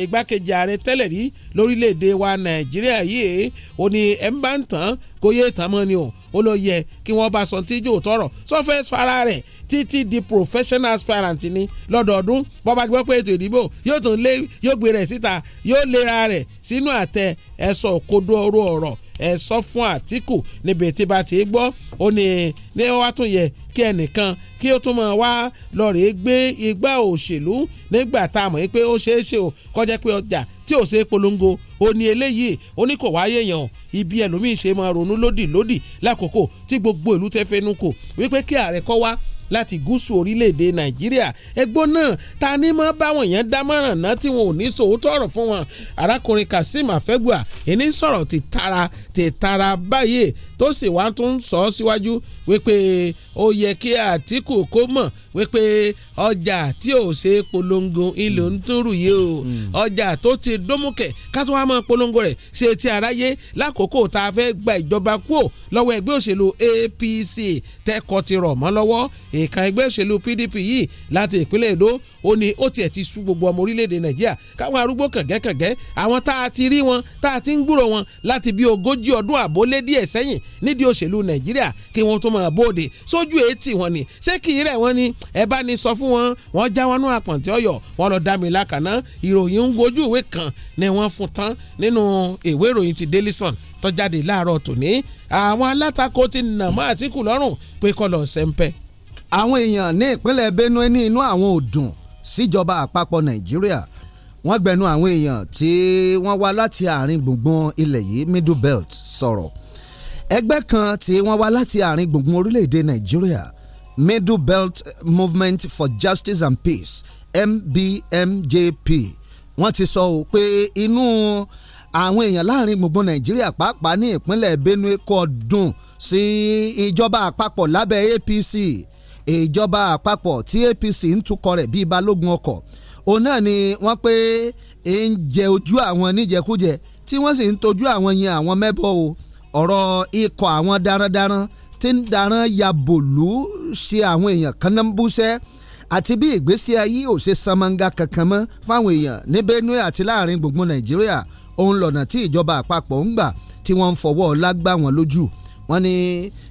igbákejì ààrẹ tẹ́lẹ̀ rí lórílẹ̀‐èdè wa Nàìjíríà yìí ó ní ẹ̀ ń bá ń tàn kó yé ìtàmọ́ ni o ó ló yẹ kí wọ́n bá sọ tíjú tọrọ sọfẹ́ fara rẹ̀ títí di professional aspirant ni lọ́dọọdún bọ́ba gbọ́ pé ètò ìdìbò yóò tún lé yóò gbé rẹ̀ síta yóò lera rẹ̀ sínú àtẹ ẹ̀sọ́ kodo ọ̀rọ̀ ọ̀rọ̀ ẹ̀sọ́ fún Àtíkù níbi tí bá ti gbọ́ ó ní ní wàá tún yẹ kí ẹnìkan kí ó tún máa wá lọ́ọ̀rẹ́ gbé igbá òṣèlú nígbà tá a mọ̀ pé ó ṣeé ṣe o kọjá pé ọjà tí ò ó ní eléyìí ó ní kò wáyé yẹn ibi ẹlòmíì ṣe máa ronú lódì lódì lákòókò tí gbogbo ìlú tẹ́ fẹnu kò wípé kí ààrẹ kọ́ wá láti gúúsù orílẹ̀-èdè nàìjíríà ẹgbọ́n náà ta ni mọ́ báwọn èèyàn dámọ̀ràn náà tí wọn ò ní sòótọ́ ọ̀rọ̀ fún wọn arákùnrin kassim afẹ́gbà ẹni sọ̀rọ̀ ti tara ti tara báyìí tó sì wá tún sọ síwájú wípé ó yẹ kí àtìkù kó mọ̀ wípé ọjà tí ò ṣe polongo ìlò hmm. ń túrù yìí o hmm. ọjà tó ti dómúkẹ̀ ká tó wá mọ́ polongo rẹ̀ ṣe ti aráyé lákòókò tá a fẹ́ gba ìjọba kúò lọ́wọ́ ẹgbẹ́ òṣèlú APC tẹ́kọ̀ ti rọ̀ mọ́ lọ́wọ́ ìkan ẹgbẹ́ òṣèlú PDP yìí láti ìpínlẹ̀ Èdò ó ní ó tiẹ̀ ti sú gbogbo ọmọ orílẹ̀-èdè Nàìjíríà káwọn arúgbó kẹ̀gẹ́kẹ̀gẹ́ àwọn tá a ti rí wọn tá a ti ń gbúrò wọn láti bí ogójì ọdún àbólé díẹ̀ sẹ́yìn nídìí òṣèlú Nàìjíríà kí wọ́n tó máa bóde sójú etí wọn ni ṣé kì í rẹ̀ wọ́n ni ẹ bá ní sọ fún wọn wọ́n já wọn nú àpọ̀ntì ọ̀yọ́ wọ́n lọ dá mi lákàná ìròyìn ń gojú ìwé kan ni wọ́n fún tán nínú ìwé ìròyìn ti Daily Sun tó tòní àwọn alátakò ti nà mọ́ Àtíkù lọ́rùn pé kó lọ sẹ́ńpẹ́. àwọn èèyàn ní ìpínlẹ̀ Benue ní inú àwọn òdùn síjọba àpapọ̀ Nàìjíríà wọ́n gbẹnu àwọn èèyàn tí wọ́n wá láti àárín gbùngbùn ilẹ̀ yìí Middle Belt sọ̀rọ̀ ẹgbẹ́ kan tí wọ́n wá láti àárín gbùngbùn orílẹ̀-èdè Nàìjíríà Middle Belt Movement for Justice and Peace MBMJP wọ́n ti sọ ọ́ pé inú àwọn èèyàn láàrin gbogbo Nàìjíríà pàápàá ní ìpínlẹ̀ Benue kò dùn sí ìjọba àpapọ̀ lábẹ́ APC ìjọba àpapọ̀ tí APC ń tukọ̀ rẹ̀ bíi balógun ọkọ̀ òun náà ni wọ́n pé ń jẹ ojú àwọn níjẹkújẹ tí wọ́n sì ń tọ́jú àwọn yẹn àwọn mẹ́bọ̀ o ọ̀rọ̀ ikọ̀ àwọn darandaran tí ń darán ya bòlú ṣe àwọn èèyàn kan náà ń búṣẹ́ àti bí ìgbésí ayé ò ṣe sanmanga kankan mọ́ fáwọn èèyàn ní Benue àti láàrin gbùngbùn Nàìjíríà òun lọ́nà tí ìjọba àpapọ̀ ń gbà tí wọ́n ń fọwọ́ ọlá gbá wọn lójú wọ́n ní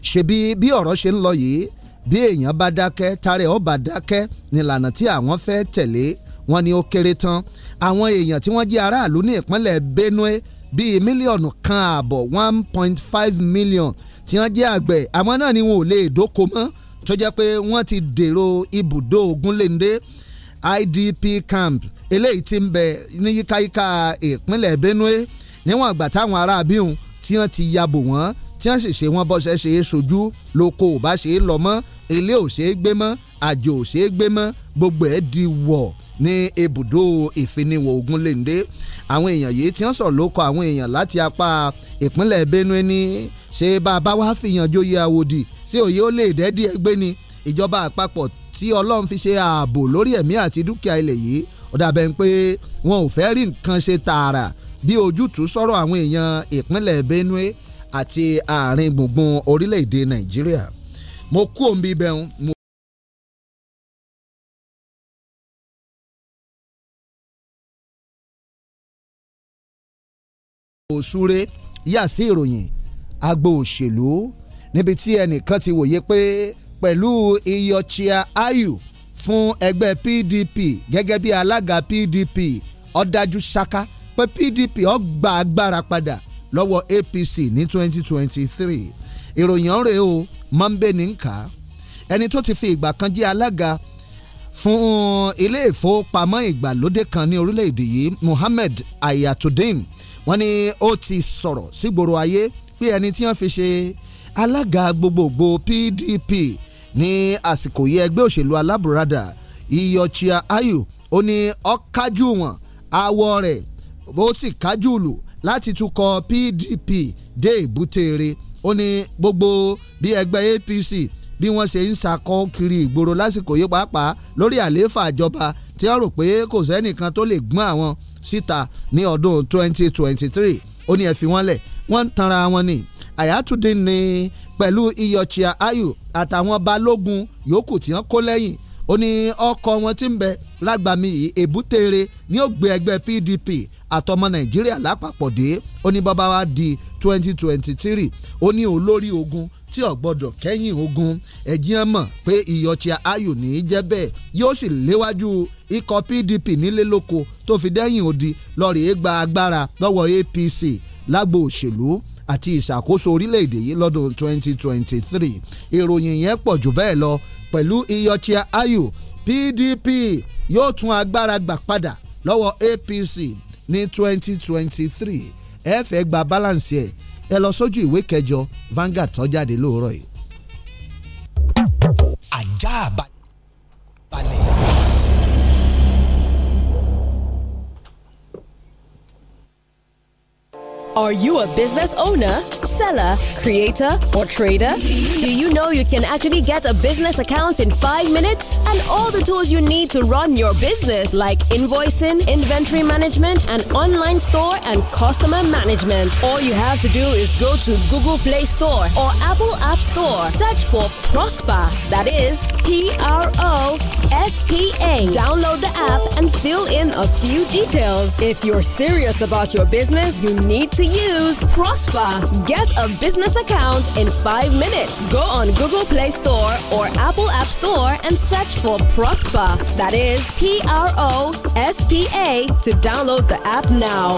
ṣebí bí ọ̀rọ̀ ṣe ń lọ yìí bí èèyàn bá dákẹ́ tarẹ̀ ọba dákẹ́ nílànà tí àwọn fẹ́ tẹ̀lé wọ́n ní ó kéré tán àwọn èèyàn tí wọ́n jẹ́ aráàlú ní ìpínlẹ̀ Benue bíi mílíọ̀nù kan ààbọ̀ one point five million tí wọ́n jẹ́ àgbẹ̀ àmọ́ náà ni wọn ò lè dóko mọ́ tó jẹ́ pé wọ́n ti dèrò ibùdó Ògúnléndé IDP camp eléyìí ti ń bẹ ní yíkáyíká ìpínlẹ̀ Benue níwọ̀n àgbà táwọn ará abíhùn tí wọ́n ti yabò wọ́n tí wọ́n sì ṣe wọ́n bọ́sẹ̀ ṣe é sojú lóko ò bá ṣe é lọ mọ́ ilé ò ṣe é gbé mọ́ àjò ò ṣe é gbé mọ́ gbogbo ẹ̀ di wọ̀ ní ibùdó ìfiniwọ̀ Ògúnléndé àwọn èèyàn yìí tí wọ́n sọ̀rọ̀ lóko àwọn èèyàn láti apá ìpínlẹ̀ Benue ní ṣé bàbá wa fìyàn joyè àwòdì sí òye ó lè dẹ́dí ẹgbẹ́ ni ìjọba àpapọ̀ tí ọlọ́run fi ṣe ààbò lórí ẹ̀mí àti dúkìá ilẹ̀ yìí ó dàbẹ̀ ń pé wọn ò fẹ́ rí nǹkan ṣe tààrà bí ojútùú sọ̀rọ̀ àwọn èèyàn ìpínlẹ̀ Benue àti àárín gbùngbùn orílẹ̀-èdè Nàìjíríà mo kú òǹbí bẹ́ẹ̀ òṣùrẹ́ yà sí ìròyìn agbo òṣèlú níbi tí ẹnìkan ti wòye pé pẹ̀lú iyọ̀chia ayu fún ẹgbẹ́ PDP gẹ́gẹ́ bí alága PDP ó dájú ṣáká pé PDP ó gba agbára padà lọ́wọ́ APC ní 2023 ìròyìn ọ̀rẹ́ o mọ́ńbé ní nkà ẹni tó ti fi ìgbà kan jẹ́ alága fún ilé ìfowópamọ́ ìgbàlódé kan ní orílẹ̀-èdè yìí Muhammed Ayatollah wọ́n ní ó ti sọ̀rọ̀ sígboro ayé si pé ẹni tí wọ́n fi ṣe alága gbogbogbò PDP ní àsìkò yẹ ẹgbẹ́ òṣèlú alábùradà iyọ̀chia ayu ó ní ọ̀kájú wọn awọ rẹ̀ ó sì kájú lù láti tukọ̀ PDP dé èbúté-èrè ó ní gbogbo bí ẹgbẹ́ APC bí wọ́n ṣe ń sakọ́ kiri ìgboro lásìkò yìí pàápàá lórí àlééfà ìjọba tí wọ́n rò pé kò sẹ́nìkan tó lè gbọ́n àwọn síta ní ọdún 2023 ó ní ẹ fi wọ́n lẹ̀ wọ́n ń tanra wọn ni àyàtúndé ni pẹ̀lú iyọ̀chia ayù àtàwọn balógun yòókù tí wọ́n kó lẹ́yìn ó ní ọkọ̀ wọn ti ń bẹ lágbàmì yìí èbúté rẹ̀ ní ó ẹgbẹ́ PDP àtọmọ nàìjíríà lápapọ̀ dé ó ní bàbá wa di twenty twenty three ó ní olórí ogun tí ò gbọ́dọ̀ kẹ́yìn ogun ẹ̀jẹ̀ mọ̀ pé ìyọ̀chia ayò ní í jẹ́ bẹ́ẹ̀ yóò sì léwájú ikọ̀ PDP nílé lóko tó fi dẹ́yìn odi lọ́ọ̀rì gba agbára lọ́wọ́ APC lágbo òṣèlú àti ìṣàkóso orílẹ̀-èdè yìí lọ́dún 2023 ìròyìn yẹn pọ̀ jù bẹ́ẹ̀ lọ pẹ̀lú iyọ̀chia ayò PDP yóò tún agbára gbà padà lọ́wọ́ APC ní twenty twenty three ẹ fẹ́ gba balance ẹ̀ ẹ lọ sójú ìwé kẹjọ Vanguard tó jáde lóòrọ̀ yìí. ajá balẹ̀. Are you a business owner, seller, creator, or trader? Do you know you can actually get a business account in five minutes? And all the tools you need to run your business, like invoicing, inventory management, an online store, and customer management. All you have to do is go to Google Play Store or Apple App Store. Search for Prosper, that is P R O S P A. Download the app and fill in a few details. If you're serious about your business, you need to use Prosper. Get a business account in five minutes. Go on Google Play Store or Apple App Store and search for Prosper. That is P R O S P A to download the app now.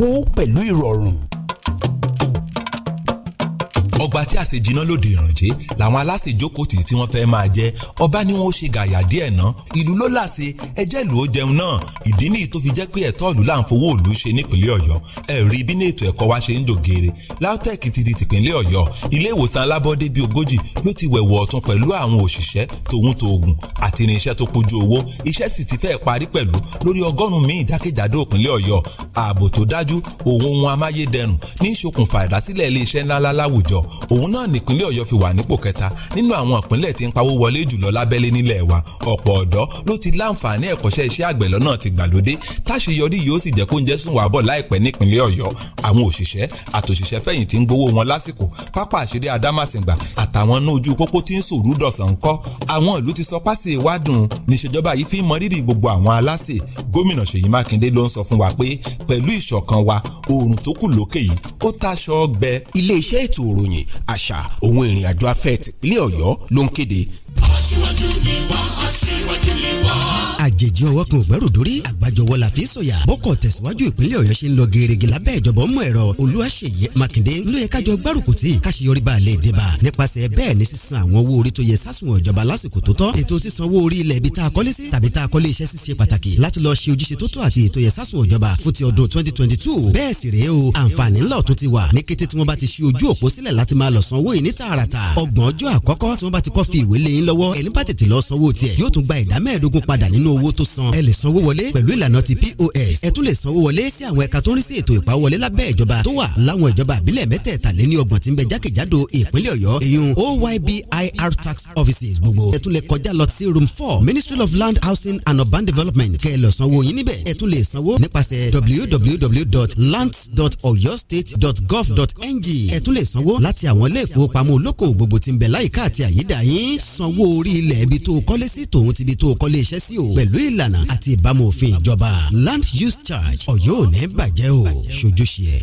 owó pẹ̀lú ìrọ̀rùn ọgbà tí àṣejìná lòdì ìrànjẹ làwọn aláṣejókòtì tí wọ́n fẹ́ máa jẹ ọba ni wọ́n ṣe gàyà díẹ̀ ná ìlú ló láṣẹ ẹjẹ́ ìlú ó jẹun náà ìdí nìyí tó fi jẹ́ pé ẹ̀tọ́ ìlú là ń fowó ìlú ṣe nípínlẹ̀ ọ̀yọ́ ẹ̀rí bí ní ètò ẹ̀kọ́ wa ṣe ń dògèrè LAUTECH ti di tìpínlẹ̀ ọ̀yọ́ ilé ìwòsàn alábọ́dé bíi ogójì ló ti wẹ̀wù ọ̀tún pẹ̀lú àwọn òṣìṣẹ́ tòun tòògùn àti irinṣẹ́ tó kojú owó iṣẹ́ sì ti fẹ́ parí pẹ̀lú lórí ọgọ́rùn míì jákèjádò ìpínlẹ̀ ọ̀yọ́ ààbò tó dájú òun ohun amáyédẹrùn ní ìṣokùnfà ìdásílẹ̀ ilé iṣẹ́ ńláńlá láwùjọ òun náà nípínlẹ̀ ọ̀yọ́ fi wà nípò kẹta nínú àwọn ìpínlẹ̀ tí ń pawó wọlé jùlọ lábẹ́lé nílẹ̀ wa ọ̀pọ̀ ọ̀dọ́ ló ti láǹfààní ẹ̀kọ́ṣẹ́ iṣẹ́ àgbẹ̀ lọ́nà ti gbàlódé táṣeyọrí yóò sì jẹ́ kó ń jẹ́ sùn wàbọ̀ láìpẹ́ nípínlẹ̀ ọ̀yọ́ àwọn òṣìṣẹ́ àtòṣìṣẹ́ fẹ̀yìntì ń gbowó wọn lásìkò pápá àṣírí adámàsìngbà àtàwọn náà ojú pópó tí ń sòrú dọ̀sán kọ́ àwọn ìlú ti sọ pásì ìwádùn níṣèjọba yìí fi ń mọrírì gbogbo àwọn aláṣẹ gómìnà Ṣèyí Mákindé ló ń sọ fún wa pé pẹ̀lú ìṣọ̀kan wa oòrùn tó kù lókè yìí ó taṣọ ọgbẹ́. iléeṣẹ́ ètò òròyìn ìròyìn àṣà òun ìrìn àjò afẹ́ tìpínlẹ̀ Ọ̀yọ́ ló ń kéde. aṣíwájú ni wá aṣíwájú ni wá àjèjì ọwọ́ kan ògbẹ́rù dórí àgbàjọwọ́ la fi sọ̀yà bọ́kọ̀ tẹ̀síwájú ìpínlẹ̀ ọ̀yọ́ ṣe ń lọ gèrègè lábẹ́ ìjọba ọmọ ẹ̀rọ olúwaṣeyẹ mákindé ló yẹ kájọ gbárùkù tí káṣíyọrí bá lè dé bá nípasẹ̀ bẹ́ẹ̀ ni sísan àwọn owó orí tó yẹ sásùn ìjọba lásìkò tó tọ́ ètò sísan owó orí ilẹ̀ ibi tá a kọ́lé sí tàbí tá a kọ́lé iṣẹ́ ṣíṣe pàtàkì láti lọ ṣe ojúṣe tó tó àti ètò yẹ sásùn ìjọba fún ti ọdún twenty twenty two bẹ́ẹ̀ sì rèé o àǹfààní ńlọ tó ti wà ní kété tí wọ́n bá ti ṣe ojú òpó sílẹ̀ láti máa lọ sanwó yìí ní tààràtà ọgbọ̀n ọjọ́ àkọ́kọ́ tí wọ́n bá ti kọ́ fi ìwé lé yín lọ́wọ́ ẹni bá tètè lọ sanwó tiẹ̀ yóò tún gba ìdá mẹ́ẹ̀ẹ́dógún padà nínú owó owó tó san ẹ lè sanwó wọlé pẹ̀lú ìlànà ti POS ẹ tún lè sanwó wọlé sí àwọn ẹ̀ka tó ń rí sí ètò ìpawọlé lábẹ́ ìjọba tó wà láwọn ìjọba àbílẹ̀ mẹ́tẹ̀ẹ̀tàléní ọgbọ̀n tí ń bẹ jákèjádò ìpínlẹ̀ ọ̀yọ́ èyun OYBIR tax offices gbogbo ẹ tún lè kọjá lọ sí room four Ministry of Land Housing and Urban Development kẹ́ ẹ lọ sanwó yín níbẹ̀ ẹ tún lè sanwó nípasẹ̀ www.lands.oyostate.gov.ng ẹ tún lè sanwó láti àwọn ilé ìfowópamọ́ olóko gbogbo tí ń bẹ pẹ̀lú ìlànà àti ìbámu òfin ìjọba land use charge ọ̀yọ́ ò ní bàjẹ́ o ṣojúṣe ẹ̀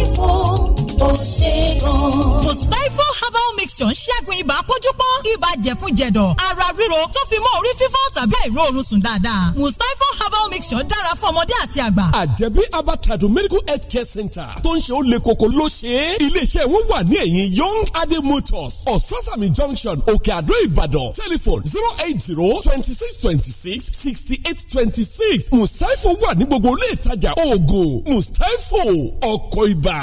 mustapha ó ṣe gan. mustapha herbal mixture ń ṣẹ́gun ibà kójúpọ́n ibà jẹ̀fun-jẹ̀dọ̀ ara ríro tó fi mọ́ orí fífọ́ tàbí àìróorun sùn dáadáa mustapha herbal mixture dára fún ọmọdé àti àgbà. àjẹbí abatado medical health care center tó ń ṣe ó le koko ló ṣe é iléeṣẹ́ wọn wà ní ẹ̀yìn young adé motors ososami junction òkè àdó ìbàdàn telephone zero eight zero twenty six twenty six sixty eight twenty six mustapha wà ní gbogbo ilé ìtajà oògùn mustapha ọkọ̀ ibà.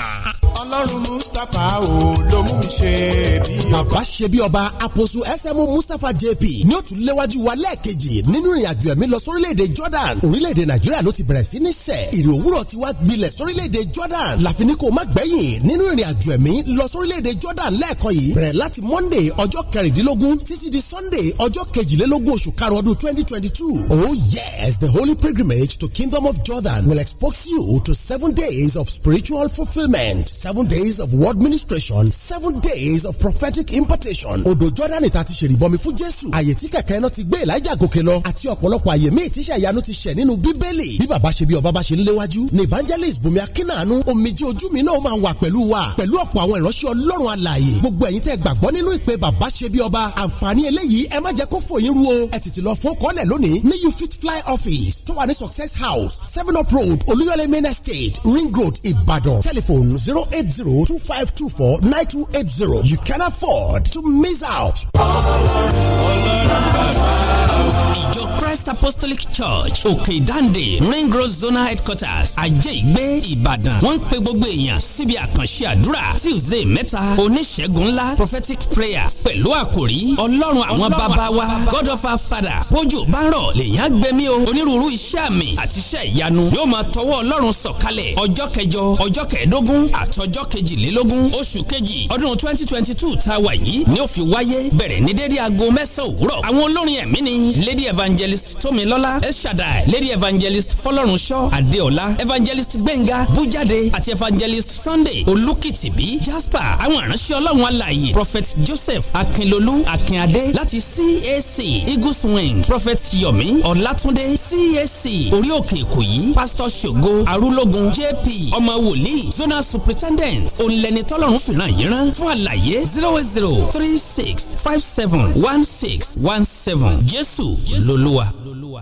ọlọ́run mustapha ò ló mi ṣe jp. bàbá ṣe bí ọba àpòsù ẹsẹmú mustapha jp ní ó tún léwájú wa lẹ́ẹ̀kejì nínú ìrìnàjò ẹ̀mí lọ sórílẹ̀ jordan orílẹ̀-èdè nàìjíríà ló ti bẹ̀rẹ̀ sí ní sẹ̀ ìrì òwúrọ̀ ti wá gbilẹ̀ sórílẹ̀ jordan láfi ní kó má gbẹ̀yìn nínú ìrìnàjò ẹ̀mí lọ sórílẹ̀ jordan lẹ́ẹ̀kan yìí bẹ̀rẹ̀ láti monday ọjọ́ kẹrìndínlógún títí di sunday ọjọ́ kejìlélógún oṣù karùn-ún ọdún twenty twenty two oh yes the holy pilgrimage to kingdom of jordan will expose you to seven days of spiritual fulfilment seven days of word ministration seven days days of prophetic impartation odò Jordan ta ti ṣèrìbọmi fún Jésù àyè tí kẹ̀kẹ́ náà ti gbé Elijah gòkè lọ àti ọ̀pọ̀lọpọ̀ àyè míì tíṣà ìyanu ti ṣẹ̀ nínú Bíbélì bí bàbá ṣe bí ọba bá ṣe ń léwájú ni evangelist Bùnmi Akínàánú omijì ojú mi náà máa wà pẹ̀lú wa pẹ̀lú ọ̀pọ̀ àwọn ìránṣẹ́ Ọlọ́run alààyè gbogbo ẹ̀yin tẹ́ gbàgbọ́ nínú ìpè bàbá ṣe bí ọba àǹfààní eléyìí ẹ má jẹ́ you fit fly office tó wà success house seven up road Olúyọ̀lé main ring road Ìbàdàn telephone zero eight zero two five two four nine two eight zero you can afford to miss out Christ Apostolic Church Òkè Dande Ring Road Zonal Headquarters Ajé Ìgbé Ìbàdàn wọ́n ń pe gbogbo èèyàn síbi àkànṣe àdúrà Tuesday mẹ́ta oníṣègùn ńlá prophetic prayers pẹ̀lú àkòrí Ọlọ́run àwọn bàbá wa God of our father bójú bá ń rọ̀ lèèyàn gbẹ̀mí o onírúurú iṣẹ́ àmì àti iṣẹ́ ìyanu yóò máa tọwọ́ Ọlọ́run sọ̀kalẹ̀ ọjọ́ kẹjọ ọjọ́ kẹẹ̀ẹ́dógún àtọjọ́ kejìlélógún oṣù kejì ọdún twenty twenty two tá a wà yìí ni ó fi wáyé bẹ̀rẹ̀ ní dédé aago mẹ́sàn-án òwúrọ̀ àwọn olórin ẹ̀mí ni Lady Evangelist evangelist tómilọ́lá elshadai lady evangelist fọlọ́runṣọ́ Adeola, evangelist gbẹ̀ngà bújáde àti evangelist sunday olùkìtìbí jasper àwọn ìránṣẹ́ ọlọ́run alààyè prophet joseph akínlolú akínadé láti cac eagles wing prophet yomi ọlátúndé cac orí òkè ìkòyí pastor ṣògo arúlógún jp ọmọ wòlíì Zona superintendent òǹlẹ̀ni tọ́lọ́run fìràn yìí rán fún àlàyé zero zero three six five seven one six one seven jésù lolúwa. lolua.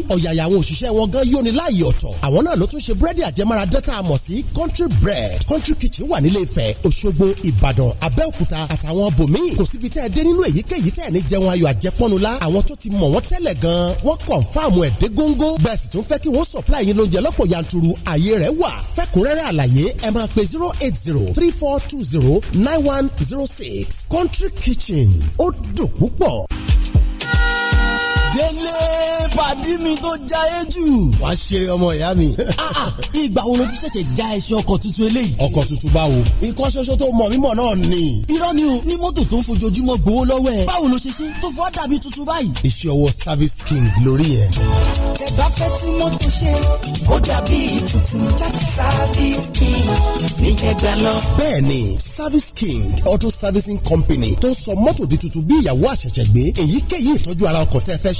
ní ọ̀yàyà àwọn òṣìṣẹ́ wọn gan yóni láàyè ọ̀tọ̀ àwọn náà ló tún ṣe búrẹ́dì àjẹmára dẹ́ta àmọ̀ sí country bread country kitchen wà nílé Ifẹ̀ Òṣogbo Ìbàdàn Abẹ́òkúta àtàwọn bòmíì kò síbi tẹ́ ẹ dé nínú èyíkéyìí tẹ́ ẹ ní jẹun ayọ̀ àjẹpọ́nu la àwọn tó ti mọ̀ wọ́n tẹ́lẹ̀ gan wọ́n kọ̀ǹfàmù ẹ̀ dé góńgó bẹ́ẹ̀ sì supply yín lóúnjẹ lọ́pọ̀ yanturu ààyè rẹ̀ wà fẹ́kùnrẹ́rẹ́ àlàyé ẹ máa zero eight zero three four two zero nine one zero six country kitchen ó dùn délé pàdí mi tó já e jù. wàá ṣeré ọmọ ìyá mi. Ah, ah, ìgbà wo ló ti ṣẹ̀ṣẹ̀ já ẹṣin ọkọ̀ tuntun eléyìí. ọkọ̀ tuntun báwo. ikọ́ ṣoṣo tó mọ̀ mímọ̀ náà ni. irọ́ ni o ní mọ́tò tó ń fojoojúmọ́ gbowó lọ́wọ́ ẹ̀. báwo ló ṣe ṣe tó fọ́ dàbí tuntun báyìí. iṣẹ́ ọwọ́ service king lórí ẹ̀. tẹ bá fẹ́ sí mọ́tò ṣe kó dàbí tuntun service king ní ẹgbẹ́ lọ. bẹ́ẹ̀ni service king auto servicing company tó ń sọ mọ́tò di tuntun bí ìyàwó àṣẹ̀ṣẹ̀ gbé èyíkéyìí ìtọ́jú ara ọkọ̀ tẹ́ fẹ́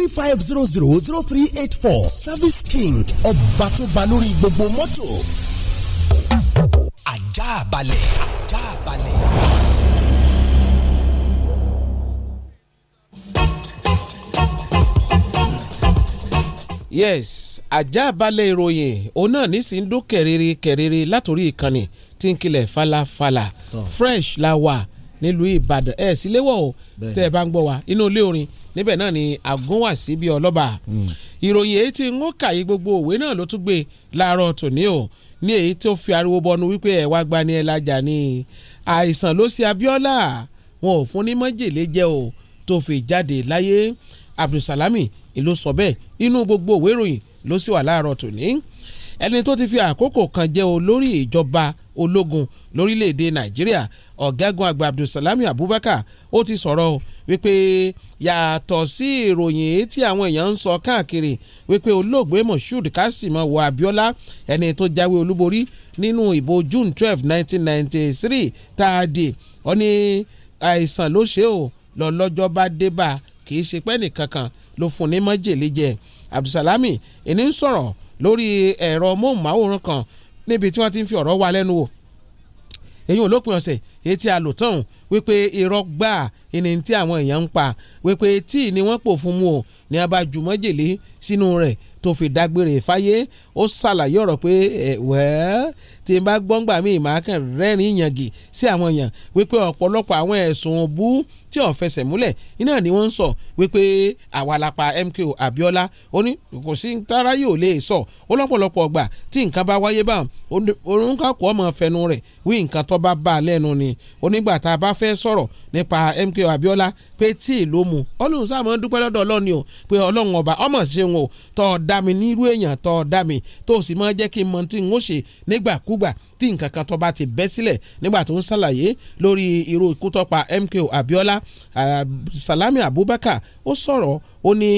three five zero zero zero three eight four service king ọba tó ba lórí gbogbo mọ́tò. ajá balẹ̀ ajá balẹ̀. yes ajá balẹ̀ ìròyìn òun náà nísìnyí dún kẹrẹrẹ kẹrẹrẹ látòrí ìkànnì tí ń kilẹ̀ falafala fresh la wà nílùú ìbàdàn ẹ̀ síléwọ̀ o tẹ́ ẹ bá ń gbọ́ wa inú ilé orin níbẹ̀ náà ni àgúnwà sí bí ọlọ́ba hmm. ìròyìn èyí tí ń kà yí gbogbo òwe náà ló tún gbé láàárọ̀ tòní o ní èyí tó fi ariwo bọnu wípé ẹ̀ wá gbani ẹ̀ lajà ni àìsàn ló ṣe Abíọ́lá wọn ò fún ní májèlé jẹ o tó fi jáde láyé Abdulsalami ìlú sọ bẹ́ẹ̀ inú gbogbo òwe ìròyìn ló sì wà láàárọ̀ tòní ẹni tó ti fi àkókò kan jẹ́ olórí ìjọba ológun lórílẹ̀‐èdè nàìjíríà ọ̀gágun àgbà abdulsalami abubakar ó ti sọ̀rọ̀ wípé yàtọ̀ sí ìròyìn èyí tí àwọn èèyàn ń sọ káàkiri wípé olóògbé moshood kásìmọ̀ wọ abiola ẹni tó jáwé olúborí nínú ìbò june twelve nineteen ninety three tá a dì ó ní àìsàn ló ṣe ó lọ lọ́jọ́ bá dé bá kì í ṣe pẹ́ nìkankan ló fún ní májèlé jẹ abdulsalami ẹni ń sọ̀rọ̀ lórí ẹ̀rọ móhùnmáwòrán kan níbi tí wọ́n ti ń fi ọ̀rọ̀ wa lẹ́nu wò èyí ò lópin ọ̀sẹ̀ èyí tí wípé irọ́ gbà ìní tí àwọn èèyàn ń pa wípé tíì ni wọ́n pò fún mu o ní a bá jù mọ́jèlé sínú rẹ̀ tó fi dágbére fáyé ó ṣàlàyé ọ̀rọ̀ pé wẹ́ẹ́ tí n bá gbọ́ngbà mí ìmọ̀ akẹ́ rẹ́rìn sí àwọn èèyàn wípé ọ̀pọ̀lọpọ̀ àwọn ẹ̀sùn bú tí ò fẹsẹ̀ múlẹ̀ iná ni wọ́n ń sọ wípé àwa pa MKO Abiola ó ní kò sí tara yóò lè sọ ó lọ́pọ̀lọpọ̀ ọgbà tí nǹkan bá wáyé bá òǹkà kọ́ ọmọ fẹnu rẹ̀ wí nǹkan tó bá bá a lẹ́nu ni onígbà tá a bá fẹ́ sọ̀rọ̀ nípa MKO Abiola pé tí ì ló mu ọlọ́run sáàmù dúpẹ́ lọ́dọ̀ ọlọ́ni o pé ọlọ́run ọba ọmọ ṣeun o tọ́ ọ dá mi nírú èèyàn tọ́ ọ dá mi tó o sì máa jẹ́ kí n mọ tí nǹkan kan tó bá ti bẹ́ sílẹ̀ nígbà tó ń ṣàlàyé lórí irú ikú tó MKO Abiola ah, Salami Abubakar ó sọ̀rọ̀ ó ní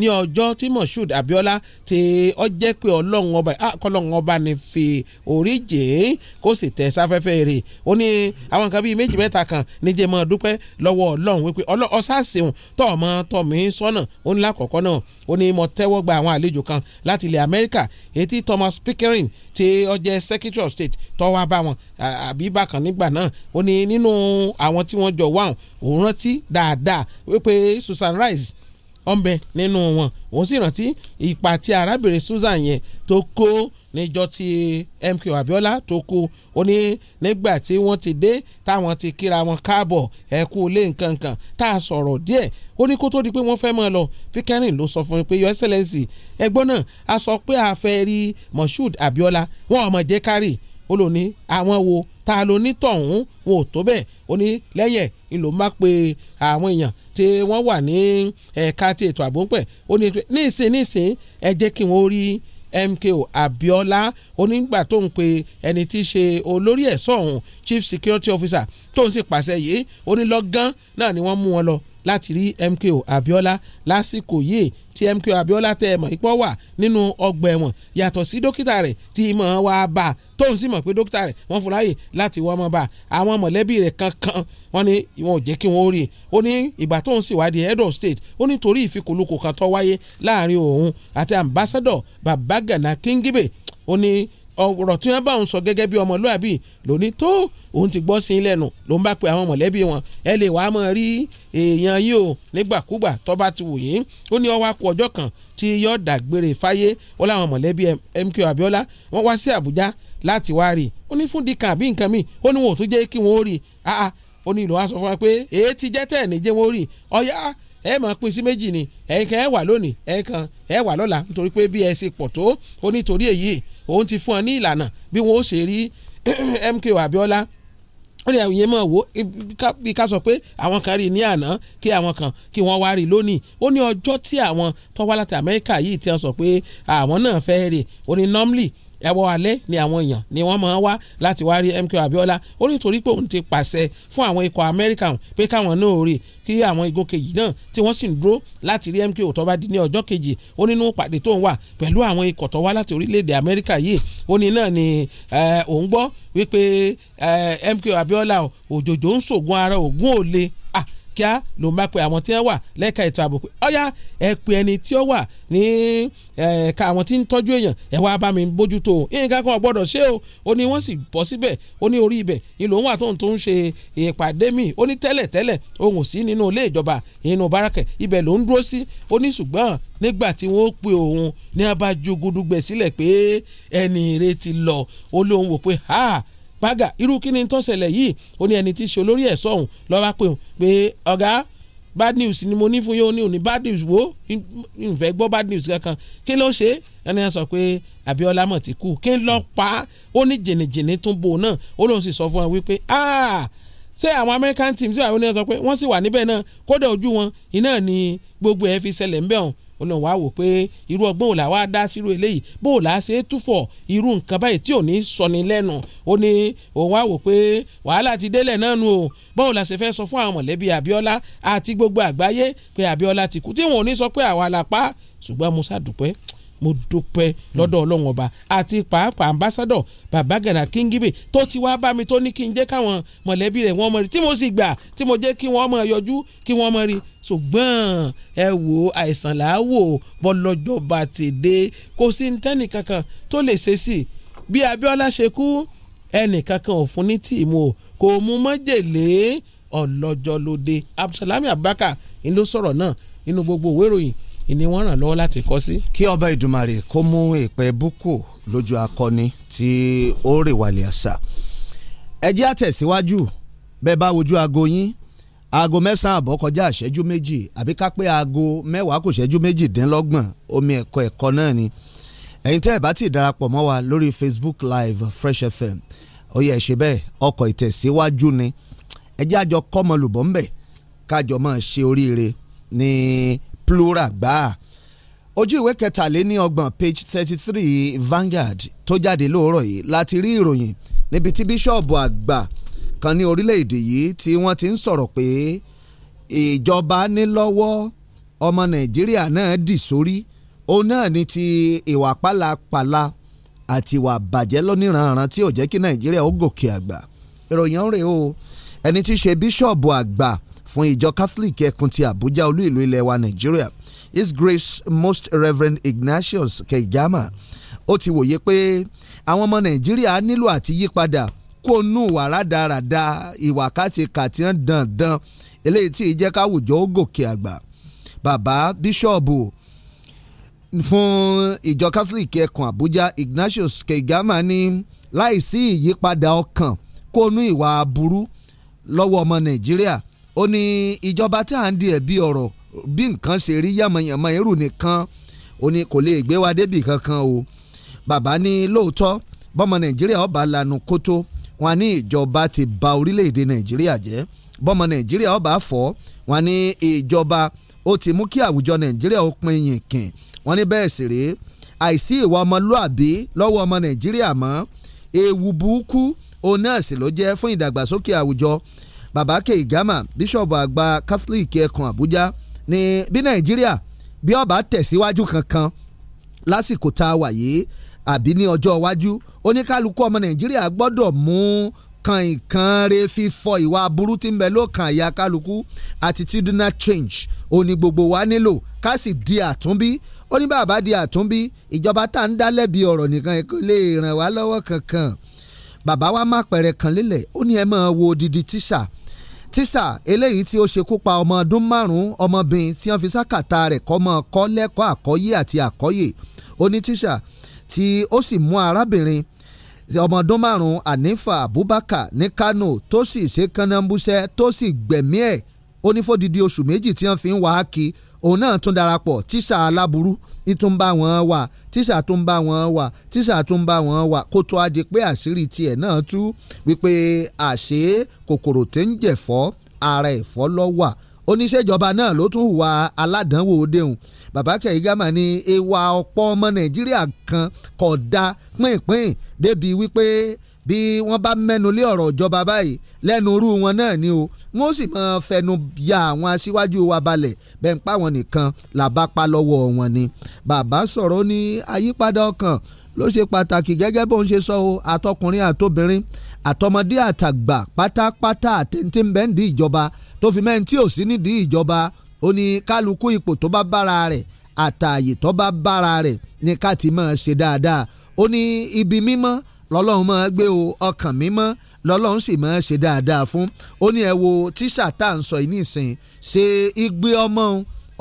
ní ọjọ́ tí Moshood Abiola ti ọ jẹ́ pé ọlọ́run ọba kọ́lọ́run ọba ni fi orí jè é kó sì tẹ̀ sáfẹ́fẹ́ rẹ̀ ó ní àwọn nǹkan bíi méjì mẹ́ta kan níjẹ́ mọ́ dúpẹ́ lọ́wọ́ ọlọ́run wípé ọ̀sàsìhùn tọ́ ọmọ tọ́ mi sọ́nà ó ní lákọ̀ọ́kọ́ náà ó ní mo tẹ́wọ́ gba àwọn àlejò kan láti ilẹ̀ Amẹ́ríkà etí Thomas Pickering ti ó jẹ́ Secretary of State tó wá bá wọn àbí bákan nígbà náà ó ní nínú àwọn tí wọ́n jọ Susan Rice Perez ọ̀nbẹ nínú wọn òun sì rántí ipa tí arábìnrin Susan yẹn tó kó níjọ́ tí MK Abiola tó kú ó ní nígbà tí wọ́n ti dé táwọn ti kíra wọn káàbọ̀ ẹ kú ilé nǹkan kan tá a sọ̀rọ̀ díẹ̀ ó ní kó tó di pé wọ́n fẹ́ máa lọ Pickering ló sọ fún mi pé your excellency ẹgbọ́n náà a sọ pé a fẹ́ rí Moshood Abiola wọn ò mọ̀ jẹ́ kárì ó lò ní àwọn wo ta ló ní tọ̀hún wọn ò tó bẹ́ẹ̀ ó ní lẹ́yìn ẹ̀ ń lò má pe àwọn èèyàn tí wọ́n wà ní ẹ̀ka ti ètò ààbò ń pẹ̀ ó ní nísìn nísìn ẹ jẹ́ kí wọ́n rí MKO Abiola onígbà tó ń pe ẹni tí í ṣe olórí ẹ̀ṣọ́ ọ̀hún Chief Security Officer tó ń sì pàṣẹ yìí ó náà ni wọ́n mú wọn lọ láti rí MKO Abiola lásìkò yìí tí MKO Abiola tẹ ẹmọ ipò wà nínú ọgbà ẹ̀wọ̀n yàtọ̀ sí dókítà rẹ̀ tí ìmọ̀ wa bá tóun sì mọ̀ pé dókítà rẹ̀ wọ́n fún láàyè láti wọ́n mọ́ bá àwọn mọ̀lẹ́bí rẹ̀ kankan wọ́n ní wọn ò jẹ́ kí wọ́n rí i ó ní ìgbà tóun sì wádìí head of state ó ní torí ìfikùnlukùn kan tó wáyé láàrin òun àti ambassador Babagana Kingibe ó ní ọ̀rọ̀ tí wọ́n bá òun sọ gẹ́gẹ́ bí ọmọlúàbí lóní tó òun ti gbọ́ sí i lẹ́nu ló ń bá pe àwọn mọ̀lẹ́bí wọn ẹ lè wàá mọ̀ rí èèyàn yìí o nígbàkúgbà tó bá ti wù yín ó ní ọwọ́ akọ ọjọ́ kan tí yọ dàgbére fáyé ó láwọn mọ̀lẹ́bí MK Abiola wọ́n wá sí Àbújá láti wá rí i ó ní fún dìkan àbí nǹkan míì ó ní wọn ò tún jẹ́ kí wọ́n rí i ah ó ní ìlú wa sọ fún wa pé èyí ti jẹ́ tẹ̀ ní jẹ́ wọ́n rí i ọ̀yá ẹ máa pín sí méjì ni ẹ̀ẹ̀kan ẹ wà lónìí ẹ̀ẹ̀kan ẹ wà lọ́la nítorí pé bí ẹ ṣe pọ̀ tó ó nítorí èyí òun ti fún ọ ní ìlànà bí wọn ó ṣe rí MKO Abiola ó ní ẹ̀yìn mọ̀ wò bí ká sọ pé àwọn kan rí ní àná kí àwọn kan kí wọ́n wá rí lónìí ó ní ọjọ́ tí àwọn tó láti Amẹ́ríkà yìí ti sọ pé àwọn náà fẹ́ rè ó ní normally ẹwọ́ alẹ́ ni àwọn èèyàn ni wọ́n máa wá láti wá rí MKO Abiola ó ní torí pé òun ti pàṣẹ fún àwọn ikọ̀ Amẹ́ríkà pé káwọn náà rí kí àwọn ìgòkèjì náà tí wọ́n sì ń dúró láti rí MKO tó bá di ní ọjọ́ kejì ó nínú pàdé tó ń wà pẹ̀lú àwọn ikọ̀ tó wá láti orílẹ̀-èdè Amẹ́ríkà yìí ó ní náà ni òun gbọ́ wípé MKO Abiola òjòjò ń ṣògùn ara ògùn òle kíá ló máa pe àwọn tí wọ́n wà lẹ́ka ètò ààbò pé ọ̀yá ẹ pe ẹni tí ó wà ní ẹ̀ka àwọn tí ń tọ́jú èèyàn ẹ wá bá mi bójútó o nǹkan kan ọ̀gbọ́dọ̀ ṣe o ó ní wọ́n sì bọ́ síbẹ̀ ó ní orí ibẹ̀ ìlò òun àtòun tó ń ṣe ìpàdé mi ó ní tẹ́lẹ̀ tẹ́lẹ̀ òun ò sí nínú ilé ìjọba inú bárakẹ̀ ibẹ̀ ló ń dúró sí ó ní ṣùgbọ́n nígbà tí wọ́n pe òun ní abájú gudugbẹ̀ sílẹ̀ pé ẹni ìrètí lọ ó lóun wò pé ha gbága irú kí ni tó ṣẹlẹ̀ yìí ó ní ẹni tí í ṣe olórí ẹ̀ sọ̀hún lọ́wọ́ pé pé ọ̀gá bad news ni mo ní fún yóò ní òní bad news wo ìfẹ́ gbọ́ bad news kankan kí ló ṣe ẹni sọ pé Abíọ́lá mọ̀ ti kú kí ló pa ó ní jìnnìjìnnì tún bò náà ó lóun sì sọ fún wọn wípé ah ṣé àwọn American team ṣé àwọn ènìyàn sọ pé wọ́n sì wà níbẹ̀ náà kódà ojú wọn iná ni gbogbo ẹ̀ fi ṣẹlẹ̀ ńbẹ̀ ọ̀hún ó lọ́n wá wò pé irú ọgbọ́n òlà wa dá sírò eléyìí bó òlà ṣe é túfọ̀ irú nǹkan báyìí tí ò ní sọni lẹ́nu ó ní òun wá wò pé wàhálà ti délẹ̀ náà nu o bó òlà ṣe fẹ́ sọ fún àwọn mọ̀lẹ́bí Abíọ́lá àti gbogbo àgbáyé pé Abíọ́lá ti kú tí wọn ò ní sọ pé àwa la ṣùgbọ́n Musa dúpẹ́ mo dúpẹ́ lọ́dọ̀ ọlọ́run ọba àti pàápàá ambassadọ̀ babagana kingibe tó ti wá bá mi tó ní kí n jẹ́ káwọn mọ̀lẹ́bí rẹ̀ wọ́n mọ̀ rí tí mo sì gbà tí mo jẹ́ kí wọ́n mọ̀ yọjú kí wọ́n mọ̀ rí ṣùgbọ́n ẹ wo àìsàn làáwò bọ́lọ́jọ́ bá ti dé kò sí ntẹ́nì kankan tó lè ṣe sí bí Abíọ́lá ṣe kú ẹnì kankan ò fún ní tìmù kò mú májèlé ọlọ́jọ́ lóde Abdulsalami Abubakar ni ló sọ̀rọ̀ náà nínú gbogbo òwe ìròyìn ni wọ́n ràn lọ́wọ́ láti kọ́ sí. kí ọba ìdùmarè kó mú ìpẹ́ búkù lójú akọni tí ó rè wàlẹ̀ àṣà ẹ jẹ́ àtẹ̀síwájú bẹ́ẹ̀ bá wojú aago yín aago mẹ́sàn-án àbọ̀ kọjá àṣẹ́jú méjì àbí ká pé aago mẹ́wàá kò ṣẹ́jú méjìdínlọ́gbọ̀n omi ẹ̀kọ́ ẹ̀kọ́ náà ni ẹ̀yin tẹ́ ẹ̀ bá ti darapọ̀ mọ́ wa lórí Facebook Live Fresh FM ó yẹ ẹ ṣe bẹ́ẹ̀ ọkọ̀ ìtẹ̀síwájú ni ẹ jẹ́ àjọ kọ́mọlùbọ̀ ńbẹ̀ kájọ máa ṣe oríire ní Plura gbáà ojú ìwé kẹtàléní ọgbọ̀n page thirty three Vanguard tó jáde lóòrọ̀ yìí láti rí ìròyìn níbi tí bíṣọ̀bù àgbà kan ní orílẹ̀-èdè yìí tí wọ́n ti ń sọ̀rọ̀ pé ìjọba ní lọ́wọ́ ọmọ Nàìjíríà náà dì sórí òun náà ni ti ìwà pálapàla àti ìwà bàjẹ́ lóníranran tí ò jẹ́ kí Nàìjíríà ó gòkè àgbà ìròyìn rèé o ẹni tí í ṣe bíṣọ̀bù àgbà fún ìjọ Catholic ẹkùn ti abuja olú ìlú ilẹ̀ wa Nàìjíríà His Grace Most Reverend Ignatius Kegama ó ti wòye pé àwọn ọmọ Nàìjíríà nílò àti yípadà kó nù wà rádaràda ìwà kàtìkàtì hàn dandan eléyìí tí ìjẹ́ káwùjọ ó gòkè àgbà bàbá bíṣọ̀bù fún ìjọ Catholic ẹkùn Àbújá Ignatius Kegama ní láìsí ìyípadà ọkàn kó nù ìwà aburú lọ́wọ́ ọmọ Nàìjíríà ó ní ìjọba tí à ń di ẹ̀bi ọ̀rọ̀ bí nǹkan ṣe rí yàmọ̀yàmọ̀ irú nìkan ó ní kò lè gbé wa débì kankan o bàbá ní lóòótọ́ bọ́mọ nàìjíríà ọba lanu kótó wọn ní ìjọba ti ba orílẹ̀-èdè nàìjíríà jẹ́ bọ́mọ nàìjíríà ọba fọ́ wọn ní ìjọba ó ti mú kí àwùjọ nàìjíríà ó pin yìnkìn wọn ní bẹ́ẹ̀ sì rèé àìsí ìwà ọmọlúàbí lọ́wọ́ ọmọ nàìjíríà mọ́ ewu burúkú òun náà sì ló jẹ́ fún ìdàgbàsókè àwùjọ babake igama bíṣọ̀bù àgbà catholic ẹkùn àbújá ní bí nàìjíríà bí ọba tẹ̀síwájú kankan lásìkò tá a wà yìí àbí ní ọjọ́ iwájú oníkálukú ọmọ nàìjíríà gbọ́dọ̀ mú kan ìkan re fífọ ìwà aburú tí ń bẹ lọ́kàn àyà kálukú attitudinal change òní gbogbo wa nílò ká sì di àtúnbí ó ní bàbá di àtúnbí ìjọba tá ń dá lẹ́bi ọ̀rọ̀ nìkan kò lè ràn wá lọ́wọ́ kankan bàbá wa má pẹ̀rẹ̀ kan lélẹ̀ ó ní ẹ máa wo odidi tíṣà tíṣà eléyìí tí ó ṣekú pa ọmọ ọdún márùn-ún ọmọbìnrin tí wọ́n fi sákàtà rẹ̀ kọ́mọ kọ́ lẹ́kọ̀ọ́ àkọ́yé àti àkọ́yè oní tíṣà tí ó sì mú arábìnrin ọmọ ọdún márùn-ún Hanifa Abubakar ní Kano tó sì ṣe kánnábúṣẹ́ tó sì gbẹ̀mí ẹ̀ ó oṣù méjì tí wọ́n fi ń wá kí i òun náà tún darapọ̀ tíṣà aláburú tún bá wọn wà tíṣà tó ń bá wọn wà tíṣà tó ń bá wọn wà kó tó adi pé àṣírí tiẹ̀ náà tú wípé àṣé kòkòrò tó ń jẹ̀fọ́ ara ẹ̀fọ́ ló wà oníṣèjọba náà ló tún hùwà aládàánwò déhùn bàbá kẹ̀hígámà ní ìwà ọ̀pọ̀ ọmọ nàìjíríà kan kò dá pínpín débi wípé bí wọ́n bá mẹ́nu lé ọ̀rọ̀ ìjọba báyìí lẹ́nu irú wọn náà ni o wọ́n sì máa fẹnu ya àwọn aṣíwájú wa balẹ̀ bẹ́ẹ̀ ń pa wọn nìkan làbá pa lọ́wọ́ wọn ni bàbá sọ̀rọ̀ ní àyípadà ọkàn ló ṣe pàtàkì gẹ́gẹ́ bó ń ṣe sọ o àtọkùnrin àtobìnrin àtọmọdé àtàgbà pátápátá àtẹ̀ntẹ̀ ń bẹ nídìí ìjọba tó fi mẹ́rin tí ò sí nídìí ìjọba ó ní kálukú ipò tó bá bára rẹ̀ àtààyè tó bá bára rẹ̀ ní ká ti máa ṣe dáadáa ó ní ibi mímọ́ lọ́lọ́run máa gbé o ọkàn mímọ́ lọ́lọ́run sì máa ṣe dáadáa fún ó ní ẹ wo tíṣà tá à ń sọ yìí nísìnyí ṣe igbe ọmọ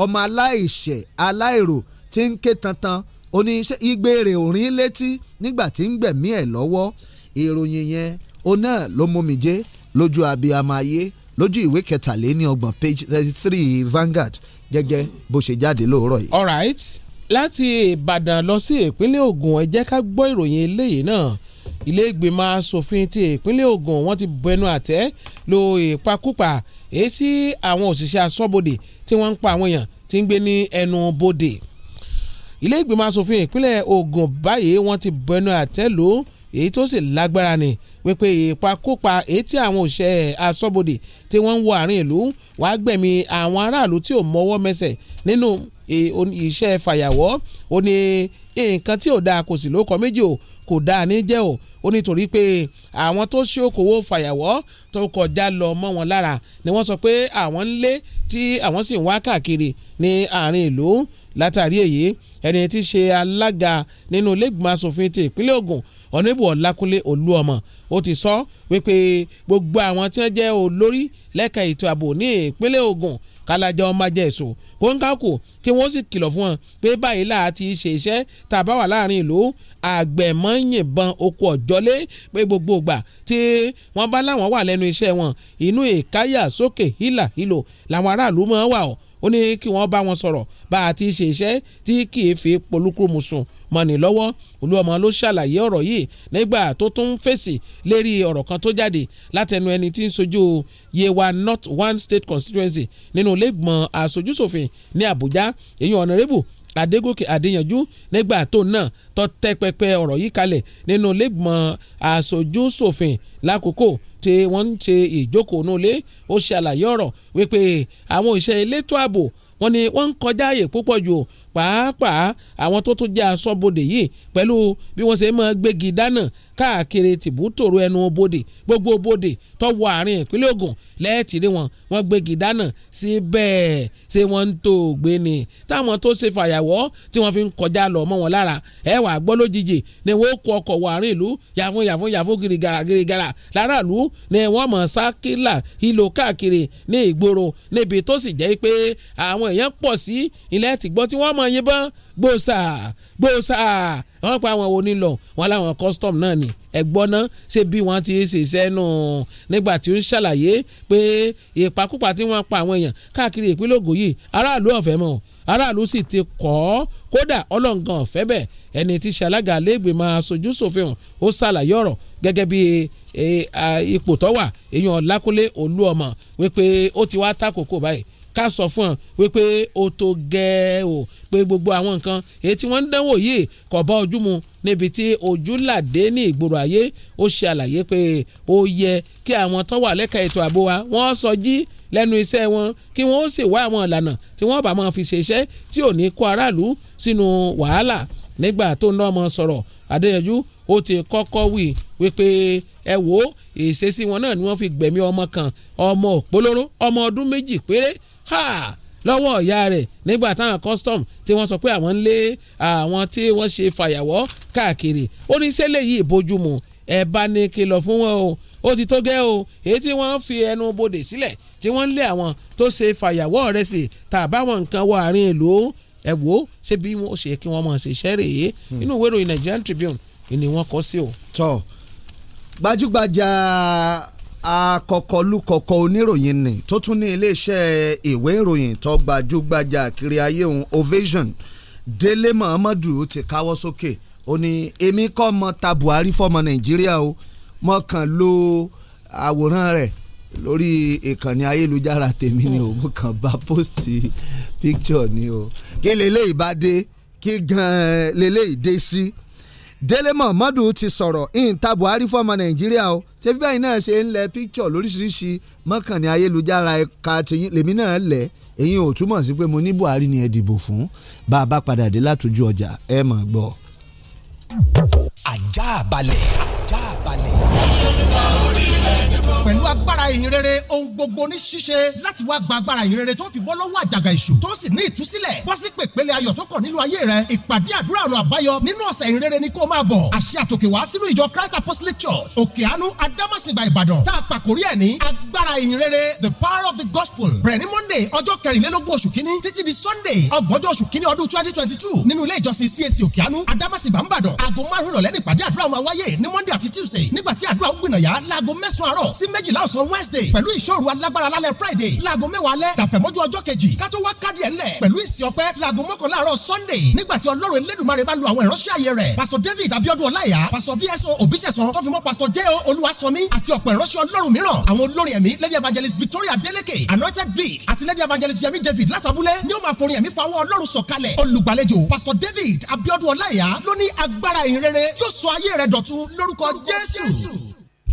ọmọ aláìṣẹ̀ aláìrò tí ń ké tantan ó ní igbe rẹ̀ ò létí nígbà tí ń gbẹ̀mí ẹ̀ lọ́wọ́ ìròyìn yẹn ó náà ló mómijé lójú abiyamọ ayé lójú ìwé kẹtàléní ọgbọ̀n page thirty three Vanguard gẹ́gẹ́ bó ṣe jáde lóòrọ̀ yìí. all right láti Ìbàdàn lọ sí ìpínlẹ̀ Ògùn ẹ jẹ́ ká gbọ́ ìròyìn eléyìí náà ilé ìgbìmọ̀ asòfin ti ìpínlẹ̀ Ògùn wọ́n ti bẹnu àtẹ́ lo ìpakúpa èyí tí àwọn òṣìṣẹ́ asọ́bodè tí wọ́n ń pa àwọn èèyàn ti ń gbé ní ẹnu bodè ilé ìgbìmọ̀ asòfin ìpínlẹ̀ Ògùn báyìí wọ́n ti bẹnu àtẹ́ lò ó èyí tó sì lágbára ni wípé ìpakúpa èyí tí àwọn òṣìṣẹ́ asọ́bodè tí wọ́n ń wọ àárín ìlú wàá gbẹ̀mí àwọn aráàlú tí ò mọ́wọ́ mẹsẹ̀ nínú E, iṣẹ́ fàyàwọ́ ó ní nǹkan tí ò dáa kò sì lóko méjì o kò dáa ní jẹ́ o ó nítorí pé àwọn tó ṣe okòwò fàyàwọ́ tó kọjá lọ mọ́ wọn lára ni wọ́n sọ pé àwọn ń lé tí àwọn sì ń wá káàkiri ní àárín ìlú látàrí èyí ẹni tí ṣe alága nínú ilégbìmọ̀ asòfin ti ìpínlẹ̀ Ògùn ọ̀nẹ́bù ọ̀làkúnlé olúọmọ ó ti sọ wípé gbogbo àwọn tí wọ́n jẹ́ olórí lẹ́ka ètò ààbò ní ìpínlẹ̀ Ògùn kálájà ọmọ ajẹ́ èso kó ń kákò kí wọ́n sì kìlọ̀ fún wọn pé báyìí láà ti ṣe iṣẹ́ tàbá wà láàrin ìlú àgbẹ̀mọ́ yìnbọn oko ọ̀jọ́lé pé gbogbo ìgbà tí wọ́n bá láwọn wà lẹ́nu iṣẹ́ wọn inú ìkáyà sókè hílà hílò làwọn aráàlú máa wà ó ní kí wọ́n bá wọn sọ̀rọ̀ bá a ti ṣe iṣẹ́ tí kì í fi polúkúrú mu sùn mọ́ni lọ́wọ́ olúọmọ ló ṣàlàyé ọ̀rọ̀ yìí nígbà tó tún fèsì lérí ọ̀rọ̀ kan tó jáde látẹnu ẹni tí ń sojú yewa north one state constituency nínú lẹ́gbọ̀n aṣojúṣòfin ní àbújá èyí ọ̀nàrẹ́bù adégòkè adéyanjú nígbà tó náà tó tẹ́ pẹpẹ ọ̀rọ̀ yìí kalẹ̀ nínú lẹ́gbọ̀n aṣojúṣòfin lákòókò tí wọ́n ń ṣe ìjókòó nulẹ̀ ó ṣàlàyé ọ̀rọ̀ wípé àwọn òṣìṣẹ́ elétò ààbò wọ́n ní wọ́n ń kọjá àyè púpọ̀ jù pàápàá àwọn tó tún jẹ́ aṣọ́bodè yìí pẹ̀lú bí wọ́n ṣe máa gbégi dáná káàkiri tìbútòrò ẹnu bodè gbogbo bodè tọ́wọ́ àárín ìpínlẹ̀ Ògùn lẹ́ẹ̀tì rí wọn wọ́n gbégi dáná sí bẹ́ẹ̀ ṣé wọ́n ń tó gbé ni táwọn tó ṣe fàyàwọ́ tí wọ́n fi ń kọjá lọ mọ́ wọn lára ẹ wà gbọ́ lójijì ni wọ́n kọ ọkọ̀ wọ àárín ìlú yàfún yàfún yàfún girigara girigara láràlú ni wọ́n mọ̀ sákìlà ìlò káàkiri ní ìgboro níbi tó sì jẹ́ pé àwọn èèyàn pọ̀ sí ilẹ̀ tìgbọ́ tí wọ́n mọ̀ yín bán gbòòsà gbòòsà wọ́n pa àwọn wo nílọ wọn láwọn custom náà ni ẹ̀gbọ́n náà ṣe bí wọ́n ti ṣiṣẹ́ nù nígbà tí ó ń ṣàlàyé pé ìpakúpa tí wọ́n pa àwọn èèyàn káàkiri ìpínlẹ̀ Ògùn yìí aráàlú ọ̀fẹ́ mọ́ aráàlú sì ti kọ́ ọ́ kódà ọlọ́ngàn ọ̀fẹ́ bẹ̀ ẹni tí ṣe alága lẹ́gbẹ̀mọ́ aṣojú ṣòfin hàn ó ṣàlàyé ọ̀rọ̀ gẹ́gẹ́ bí ipò tó wà èèyàn Ọlákúnlé Olúọmọ wípé ó ti wá tákòókò báyìí ká sọ fún ọ wípé o tó gẹ́ o pé gbogbo àwọn nǹkan èyí tí wọ́n ń dánwò yìí kò bá ojú mu níbi tí ojúlàdé ní ìgboro ayé ó ṣe àlàyé pé ó yẹ kí àwọn tó wà lẹ́ka ètò ààbò wa wọ́n sọ jí lẹ́nu iṣẹ́ wọn kí wọ́n ó sì wá àwọn ìlànà tí wọ́n bá máa fi ṣe tí ò ní kó aráàlú sínú wàhálà nígbà tó ń ọmọ sọ̀rọ̀ Adéyanjú ó ti kọ́kọ́ wí wípé ẹ wò ó ìṣesí wọn náà ni wọ́n fi gbẹ̀mí ọmọ kan ọmọ òpólóró ọmọ ọdún méjì péré lọ́wọ́ ìyá rẹ̀ nígbà táwọn custom tí wọ́n sọ pé àwọn ń lé àwọn tí wọ́n ṣe fàyàwọ́ káàkiri ó ní ṣẹlẹ̀ yìí bójúmu ẹ̀ bá ní kìlọ̀ fún wọn o ó ti tó gẹ́ o èyí tí wọ́n fi ẹnu bodè sílẹ̀ tí wọ́n ń lé àwọn tó ṣe fàyàwọ́ rẹ̀ sí tàbáwọn nǹkan wọ àárín ìlú ẹ̀ wò ó ṣé bí wọ́n ṣe kí wọ́n mọ̀ ṣe ṣẹ́ rèé hmm. inú ìwé Nigerian Tribune ni wọ́n kọ sí o. tọ́ gbajúgbajà akọkọlùkọkọ oníròyìn ni tó tún ní iléeṣẹ́ ìwé ìròyìn tó gbajúgbajà kiri ayé òun ovation délé muhammadu ti káwọ́ sókè ó ní èmi kọ́ mọ ta buhari fọmọ nàìjíríà o mọ kàn lo àwòrán rẹ̀ lórí ìkànnì ayélujára tèmi ni o mo kàn bá pósìtì picture ni o kí leléyìí bá dé kí gan leléyìí dé sí. Si délé mọ̀mọ́dù ti sọ̀rọ̀ ìta buhari fọmọ nàìjíríà o ṣé bí báyìí náà ṣe ń lẹ píkṣọ̀ lóríṣiríṣi mọ́kànnì ayélujára ẹ̀ka tìyín lèmi náà lẹ̀ èyí ò túmọ̀ sí pé mo ní buhari ni ẹ dìbò fún bá a bá padà dé látòjú ọjà ẹ máa gbọ́. ajá balẹ̀ ajá balẹ̀ pẹ̀lú agbára ìhìnrere ohun gbogbo ní ṣíṣe láti wá gba agbára ìhìnrere tó ń fi bọ́ lọ́wọ́ àjàgà èṣù tó sì ní ìtúsílẹ̀ bọ́ sí pèpele ayọ̀ tó kàn nínú ayé rẹ ìpàdé àdúrà ọ̀nà àbáyọ nínú ọ̀sẹ̀ ìhìnrere ni kó máa bọ̀ àṣẹ àtòkè wá sínú ìjọ Christ Apostolic Church òkè àánú Adámàsìgbà Ìbàdàn tá a pàkórí ẹ̀ ní agbára ìhìnrere the power of the gospel bẹ̀rẹ̀ ní Monday ọjọ́ kẹrìnlélógún oṣù kínní títí di Sunday ọgbọ̀njọ́ oṣù kínní ọdún twenty twenty two nínú ilé ìjọsìn CAC òkè àánú Adámàsìgbà Ìbàdàn aago márùn-ún ìrọ̀lẹ́ ní ìpàdé àdúrà máa wáyé ní Monday àti Tuesday nígbà tí àdúrà ó gbìnàyà láago mẹ́sàn-án àárọ̀ sí méjìlá ọ̀sán wednesday pẹ̀lú ìṣòro alágbára lálẹ́ friday láago mẹ́wàá alẹ́ dàfẹ̀mọ́jú ọjọ́ kejì kátó wá káàdì ẹ̀ lẹ̀ pẹ̀lú ìsìn ọpẹ́ láago mọ́kànlá àárọ̀ sunday nígbà tí ọlọ́run elédùnmarè bá lu àwọn ìránṣẹ́ ayé rẹ̀ pastor david abiodun ọláyà pastor vso obisesan tọ́fimọ́ pastor j o olúwasanmi àti ọ̀pọ̀ ìránṣẹ́ ọlọ́run mìíràn àwọn olórin ẹ̀mí lady evangelist victoria deleke anointed vic àti lady evangelist yemi david látàbúlẹ̀ ni ó máa forin ẹ̀mí fawọ́ ọlọ́run sọ̀kalẹ̀ olùgbàlejò pastor david abiodun ọláyà ló ní agbára ìhìnrere yóò sọ ayé rẹ̀ dọ̀tun lórúkọ jésù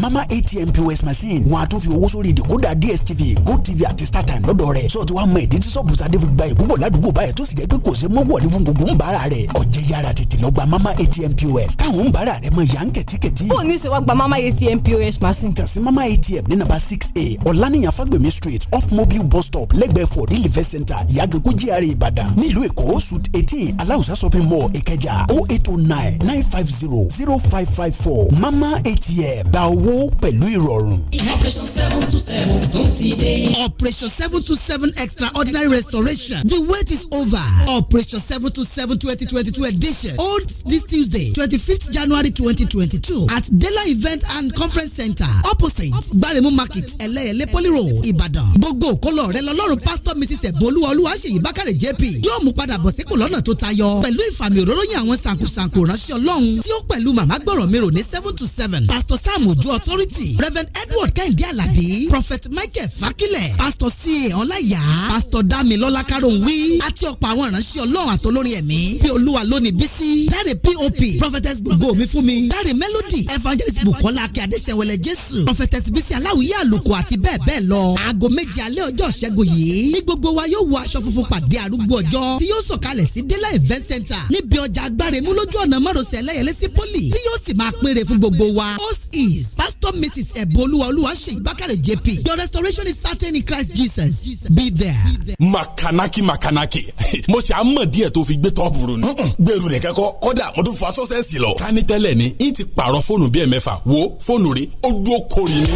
mama atm pos machine wọn a tún fi owó sórí ìdìkúdà dstv gotv àti startime lọ́dọ̀ rẹ̀ sọ ti wá mọ ìdí tí sọ́ọ̀bù sadé fi gba ìbúbọ̀ ládùúgbò báyẹn tó sì jẹ́ pé kò sí mọ́wọ́ ní gbogbo ń bára rẹ̀ ọ̀jẹ̀ yára tètè lọ gba mama atm pos táwọn ń bára rẹ̀ mọ yà ń kẹ̀tíkẹ̀tí. ó ní sèwá gba mama atm pos machine. kàn sí mama atm ní nàbà six a ọ̀lànìyàn fagbemi street off mobile bus stop lẹ́gbẹ̀ẹ́ for the live center ìyàgànkú gr ìbàdàn nílùú èkó suit eighteen aláùsá shopping mall ìkẹjà o oh eight o oh nine nine five zero zero five five four mama atm gba owó pẹ̀lú ìrọ̀rùn. operation seven two seven tó ti dé. operation seven two seven extraordinary restoration the wait is over. operation seven two seven twenty twenty two edition holds this tuesday twenty fifth january twenty twenty two at dela event and conference center opposite gbaremu market ẹlẹ́yẹlé Poliro, Ibadan. ìbàdàn. gbogbo òkólọ rẹ lọ́lọ́run pastor mrs ẹ̀bọ́lú olúwaṣeyí Bakare jp yóò mú padà bọ̀ sípò lọ́nà tó tayọ pẹ̀lú ìfàmì òróró yìn àwọn sàǹkùsàǹkù ránṣẹ́ ọlọ́run tí ó pẹ̀lú màmá gbọ̀rọ̀ mi rò ní seven to seven pastor sam ojú Apostle Authority Reverend Edward Kẹ́hìndé Àlàbí Prophet Michael Fakilẹ̀ Pastor C Ọláyà Pastor Damilola Karunwi àti ọ̀pọ̀ àwọn ìránṣẹ́ ọlọ́run àtolórin ẹ̀mí bí olúwa lónìí bísí dáre pop prophetess gbogbo mi fún mi dáre melody evangelist Bukola akíndéṣẹ́wẹ̀lẹ̀ Jésù prophetess bísí aláwìyé àlùkò àti bẹ́ẹ̀ bẹ́ẹ̀ lọ aago méje alẹ́ ọjọ́ ṣẹ́gun yìí ní gbogbo wa yóò wọ aṣọ funfun pàdé arúgbó ọjọ́ tí yóò sọ̀kalẹ̀ sí délẹ̀ event center níbi ọjà agbáremú lójú ọ̀nà márosẹ̀ ẹlẹ́yẹlé sí poli tí yóò sì máa péré fún wa host is Pastor Mrs. Eboluwa Oluwaseyi Bakare JP. Your restoration is certain in Christ Jesus. Be there. Makanaki makanaki. Mo ṣe àmọ̀ díẹ̀ tó fi gbé tọ́pù rò ní. Gbèrú nìkan kọ́ kọ́dà mo tún fa sọ́sẹ̀sì lọ. Tani tẹ́lẹ̀ ni n ti pààrọ̀ fóònù bíi ẹ̀mẹ́fà wo fóònù rí ó dúró kórì ni.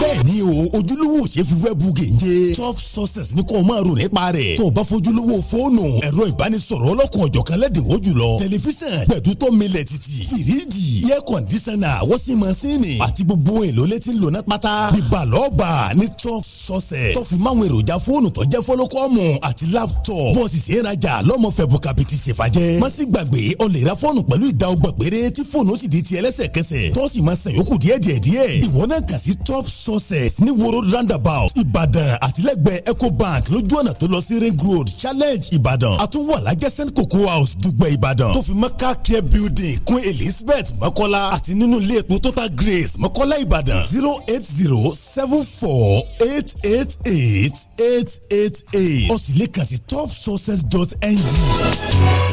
Bẹ́ẹ̀ni o, ojúlówó ṣe fífẹ́ bu gèje. Top success ni kò máa rò nípa rẹ̀. Tó o bá fojúlówó fóònù, ẹ̀rọ ìbánisọ̀rọ̀ ọlọ́kùn ọ̀jọ̀kan lẹ́dínwó jùlọ. Tẹlifíṣàn, gbẹ̀dútọ́ milẹ̀ títì, fìríjì, air conditioner, wọ́sí masínì àti gbogbo èlò létí ń lò náà pátá. bíbalọ́ọ̀bà ní top success. tó fi máwọn èròjà fóònù tó jẹ́ fọ́lọ́kọ́mù àti laptop. bọ́ọ̀sì sí ìrajà lọ́mọ fẹ̀bù kàbìtì ṣèfàjẹ́. má sì gbàgbé o lè ra fóònù pẹ̀lú ìdá ọgbà péré tí fóònù ó sì di tiẹ̀ lẹ́sẹ̀kẹsẹ̀. tó máa san yòókù díẹ̀ díẹ̀ díẹ̀. ìwọ náà kà sí top success ní woro roundabout ìbàdàn àtìlẹ́gbẹ̀ẹ́ ecobank lójú ọ̀nà tó lọ sí ring road challenge ìbàdàn. àtúwọ̀ alájẹ́ send cocoa house dùgbẹ̀ ìbàdàn. tó fi mọ́ care building kún elizabeth mọ́kọ́lá àti nínú ilé epo total grace complex mọ́kọ́lá ìbàdàn zero eight zero seven four eight eight eight eight eight eight ó sì lè kàn sí ng.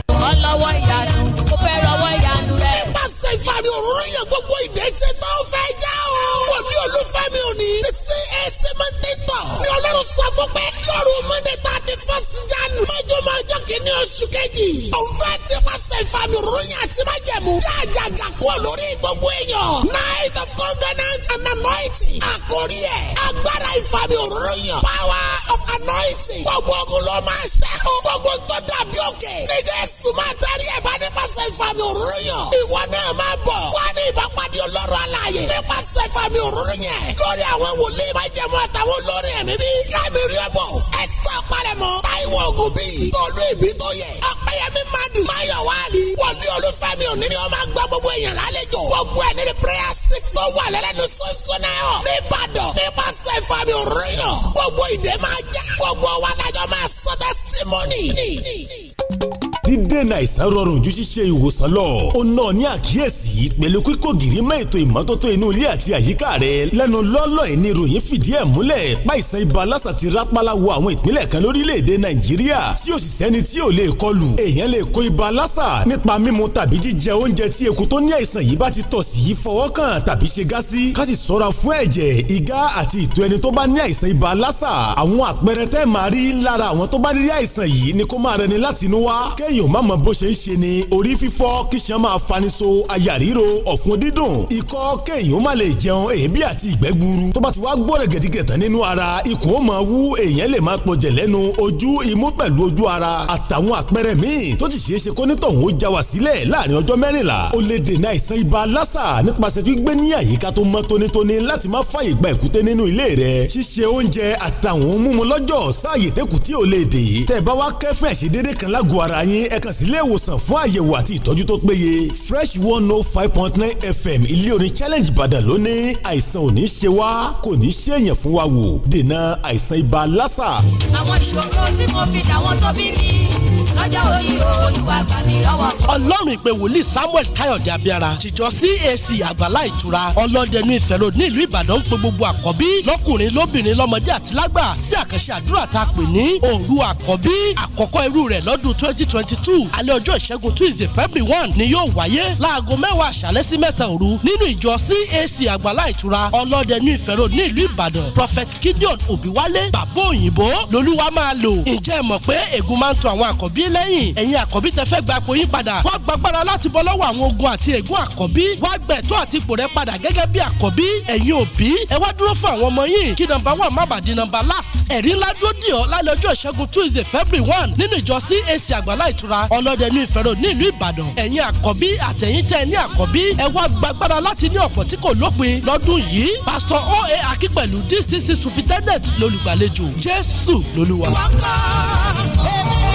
ní ọlọ́run sọ fún pé lóru monday thirty first jan mọ́jọ́mọ́jọ́ kìíní oṣù kejì òun fẹ́ ti pàṣẹ ìfami ròyìn àti májẹ̀mú jájà gàkú olórí gbogbo èèyàn night of covenant and anointing àkórí ẹ̀ agbára ìfami ròyìn power of anointing gbogbo ogun ló máa ṣẹ́ o gbogbo tó dàbí òkè níjẹ́ sùnmọ́ àtàrí ẹ̀ bá ní pàṣẹ ìfami ròyìn ìwọ náà máa bọ̀ wá ìbápadì ọlọ́run aláàyè. nípa sẹ́fà mi òróró yẹn. lórí àwọn wòlíì máa jẹ́ mọ́ àtàwọn olórin ẹ̀mí bí. kámi rí ẹ̀bọ̀ ẹ̀sítọ́ parẹ́mọ́. táìwọ̀ ogun bíi. tọ́lú ìbí tó yẹ. ọ̀pẹ̀yẹmí madu. máyọ̀ wáàlì. wọ́lú olúfẹ́mi òní ni wọ́n máa gba gbogbo èèyàn lálejò. gbogbo ẹni ni prayer six tó wà lẹ́lẹ́nu sọ́sọ́ náà yọ. níbàdàn nípa sẹ́fà mi òróró yọ. gbogbo ìdè máa já. gbogbo testimony dídènà àìsàn rọrùn ju ṣíṣe ìwòsàn lọ. ó náà ní àkíyèsí pẹ̀lú kíkó gìrì mọ́ ètò ìmọ́tótó inú ilé àti àyíká rẹ̀ lẹ́nu lọ́lọ́ ẹ̀ ní ìròyìn fìdí ẹ̀ múlẹ̀ páìsàn ibà lásà ti rápálá wo àwọn ìpínlẹ̀ kan lórílẹ̀‐èdè nàìjíríà tí ò sì sẹ́ni tí ò lè kọlù èèyàn lè kó ibà lásà nípa mímu tàbí jíjẹ oúnjẹ tí eku tó ní àìsàn yìí bá ti tọ̀ sí yìí fọwọ́ kàn tàbí ṣe gá sí ká sì sọ́ra fún ẹ̀jẹ̀ ìgá àti ìtọ̀ ẹni tó bá ní àìsàn ibà lásà àwọn àpẹẹrẹ tẹ́ẹ̀ máa rí lára àwọn tó bá ní àìsàn yìí ni kó máa rẹni látinú wá kéèyàn kéèyàn má mọ bó ṣe ń ṣe ni orí fífọ́ kíṣàn máa faniṣo àyà ríro ọ̀fun dídùn ikọ́ kéèyàn má lè jẹun èébì àti ìgbẹ́ gbuuru tó bá ti wá gbọ́rẹ̀ gẹ̀dígẹ̀tàn nínú ara ikùn ó máa wú èèyàn lè máa pọ̀jẹ̀ lẹ́nu ojú imú pẹ̀lú ojú ara àtàwọn àpẹẹrẹ míì tó ti ṣeé ṣe kó nítòhún ó já wa sílẹ̀ láàrin ọjọ́ mẹ́rìnlá ó lè dènà àìsàn ibà lásà nípasẹ̀ gbígbé ní àyíká tó mọ́ tónítóní láti má fàyè gba èkúté nínú ilé rẹ̀ ṣíṣe oúnjẹ àtàwọn mímu lọ́jọ́ sáàyè tẹ́kù tí ò lè dè tẹ̀ bá wá kẹ́fẹ́ ṣe déédéé kan lágọ̀ọ́ ara yín ẹ kàn sí ilé ìwòsàn fún àyẹ̀wò àti ìtọ́jú tó péye fresh one oh five point nine fm ilé orin challenge ìbàdàn lónìí àìsàn ò ní ṣe wá kò ní ṣe èèyàn fún wa wò dènà àìsàn ibà lásà. àwọn ìṣòro tí mo fi dàwọn tó mi ọlọ́run ìpè wòlíì samuel káyọ̀dé abíára tìjọ cac àgbàlá ìtura ọlọ́dẹnu ìfẹ́lò ní ìlú ìbàdàn ń gbogbo àkọ́bí lọ́kùnrin lóbìnrin lọ́mọdé àti lágbà sí àkànṣe àdúrà tá a pè ní òru àkọ́bí àkọ́kọ́ irú rẹ̀ lọ́dún twenty twenty two alẹ́ ọjọ́ ìṣẹ́gun tuesday february one ni yóò wáyé láago mẹ́wàá àṣálẹ́ sí mẹ́ta òru nínú ìjọ cac àgbàlá ìtura ọlọ́dẹ ní ìfẹ́rò ní ìlú ìbàdàn prophet gideon òbíwálé bàbá òyìnbó lolúwa máa lò ǹjẹ́ ẹ mọ̀ pé ègún máa ń tọ̀ àwọn àkọ́bí lẹ́yìn ẹ̀yin àkọ́bí tẹ fẹ́ gba ipò yín padà wá gbàgbára láti bọ́ lọ́wọ́ àwọn ogun àti ègún àkọ́bí wá gbẹ̀tọ́ àti ipò rẹ padà gẹ́gẹ́ bí àkọ́bí ẹ̀yin òbí ẹ wá dúró fún àwọn ọmọ yín kí nọ́mbà one má bàa di nọ́mbà last ẹ̀rí ńlá dúró dì ọ́ lálẹ́ ọjọ́ ìṣẹ́gun tuesday february one nínú ìjọ cac àgbàlá ìt ìtura ọlọ́dẹ ní ìfẹ́ràn ní ìlú ìbàdàn ẹ̀yin àkọ́bí àtẹ̀yìn tẹ́ ní àkọ́bí ẹ wá gbàgbára láti ní ọ̀pọ̀ tí kò lópin lọ́dún yìí pásítọ̀ oa akínpẹ̀lú dcc superintendent lolùgbàlejò jésù lolúwa. wákàtí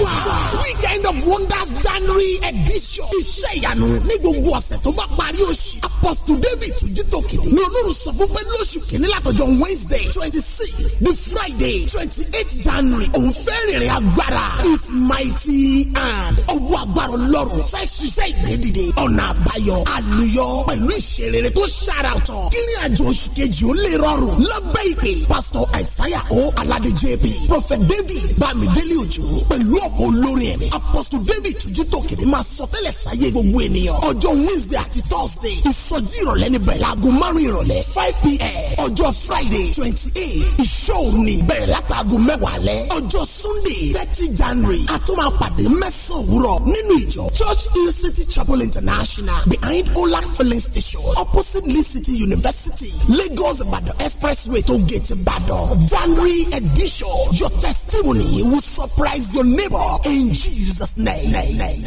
weekend of wonders january edition. iṣẹ́ ìyanu ní gbogbo ọ̀sẹ̀ tó bá parí oṣù. apostle david tujito kìnní. ní olórí sọ fún pé lóṣù kìnní látọjọ́ wednesday twenty six the friday twenty eight january. òun fẹ́ rìnrìn agbára. is mighty and ọwọ́ agbára ọlọ́run fẹ́ ṣiṣẹ́ ìgbẹ́dìde. ọ̀nà àbáyọ àlùyọ pẹ̀lú ìṣerere tó ṣàrà ọ̀tọ̀. kírin àjò oṣù kejì ó lè rọrùn. lọ́bẹ̀ ìpè pastor isaiah o alade jp prophet david bámidélé òjò pẹ̀lú ọ̀ ọ̀pọ̀ olórin ẹ̀mí apostle david tuju tòkèrè máa sọ tẹ́lẹ̀ sáyé gbogbo ènìyàn ọjọ́ wednesday àti thursday ìsọjí ìrọ̀lẹ́ ní bẹ̀rẹ̀ aago márùn-ún ìrọ̀lẹ́ five pm ọjọ́ friday twenty eight ìṣòro ní ìbẹ̀rẹ̀ látàgò mẹ́wàá lẹ́ ọjọ́ sunday thirty january àtúmọ̀ pàdé mẹ́sàn-án òwúrọ̀ nínú ìjọ church hill city chapel international behind olak filling station opposite lee city university lagos ibadan expressway tó gate ibadan january edition your testimony will surprise your neighbor. in Jesus' name. name, name.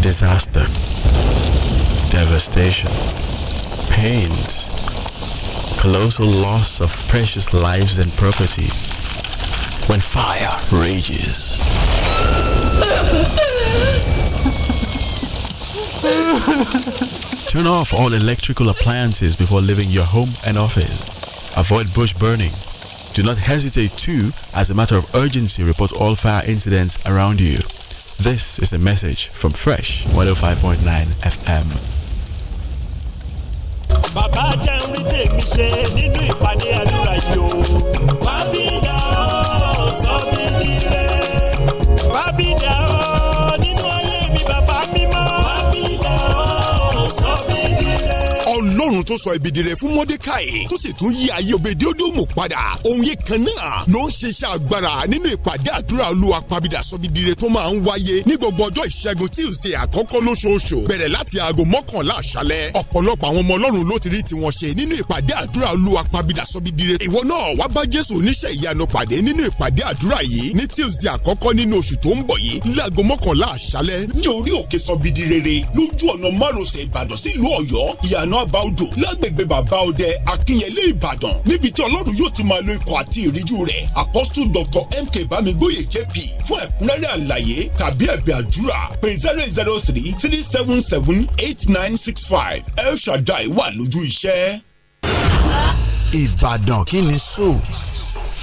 Disaster, devastation, pain, colossal loss of precious lives and property. When fire rages. Turn off all electrical appliances before leaving your home and office. Avoid bush burning do not hesitate to, as a matter of urgency, report all fire incidents around you. This is a message from Fresh 105.9 FM. bàbá ọlọ́run tó sọ ibi dire fún mọ́dékàì tó sì tún yí ayé òbèdéódòmù padà òun yìí kan náà ló ń ṣe iṣẹ́ agbára nínú ìpàdé àdúrà olúwa pàbídà sọbidire tó máa ń wáyé ní gbogbo ọjọ́ ìṣẹ́gun tíìsì àkọ́kọ́ lóṣooṣù bẹ̀rẹ̀ láti aago mọ́kànlá àṣálẹ́ ọ̀pọ̀lọpọ̀ àwọn ọmọ ọlọ́run ló ti rí tiwọn ṣe nínú ìpàdé àdúrà olúwa pàbídà sọbidire ìwọ náà wá bá jésù oníṣẹ́ ìyanu pàdé nínú ìpàdé àdúrà yìí ní tíìsì àkọ́kọ́ nínú oṣù tó ń bọ̀ yìí láago mọ́kànlá àṣálẹ́ ní orí òkè sọbidire lójú ọ̀nà márosẹ̀ ìbàdàn sílùú ọ̀yọ́ ìyànà àbáwòdò lágbègbè bàbá ọdẹ akínyẹlé ìbàdàn níbi tí ọlọ́run yóò ti máa lo ikọ̀ àti ìríjú rẹ̀ apọ́sítù dr mk bámigbóyè jp fún ẹ̀kúnrẹ́rẹ́ àlàyé tàbí ẹ̀bẹ̀ àdúrà pé zero zero three three seven seven eight nine six five el shaddai wà lójú iṣẹ́. ìbàdàn kí ni so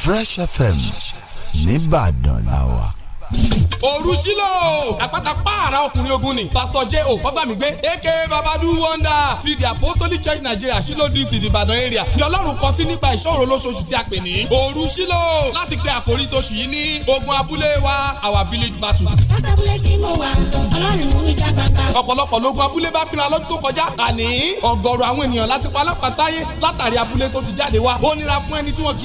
fresh fm nìbàdàn làwà òrùsílò àpáta pààrà ọkùnrin ogun ni pastor j o fọgbàmígbé aka babadu wonder ti di apostolic church nigeria ṣílò dc ìbàdàn area ni ọlọ́run kọ sí nípa ìṣòro lóṣooṣù tí a pè ní òrùsílò láti pe àkórí tó ṣì í ní ogun abúlé wa our village battle. pásítọ̀bùlẹ̀ tí mo wà ọlọ́run mú mi já gbangba. ọ̀pọ̀lọpọ̀ lógun abúlé bá fínra lọ́dún tó kọjá àní ọ̀gọ̀rọ̀ àwọn ènìyàn láti palọ́pàá sáyé látàrí abúlé tó ti jáde wá ó nira fún ẹni tí wọn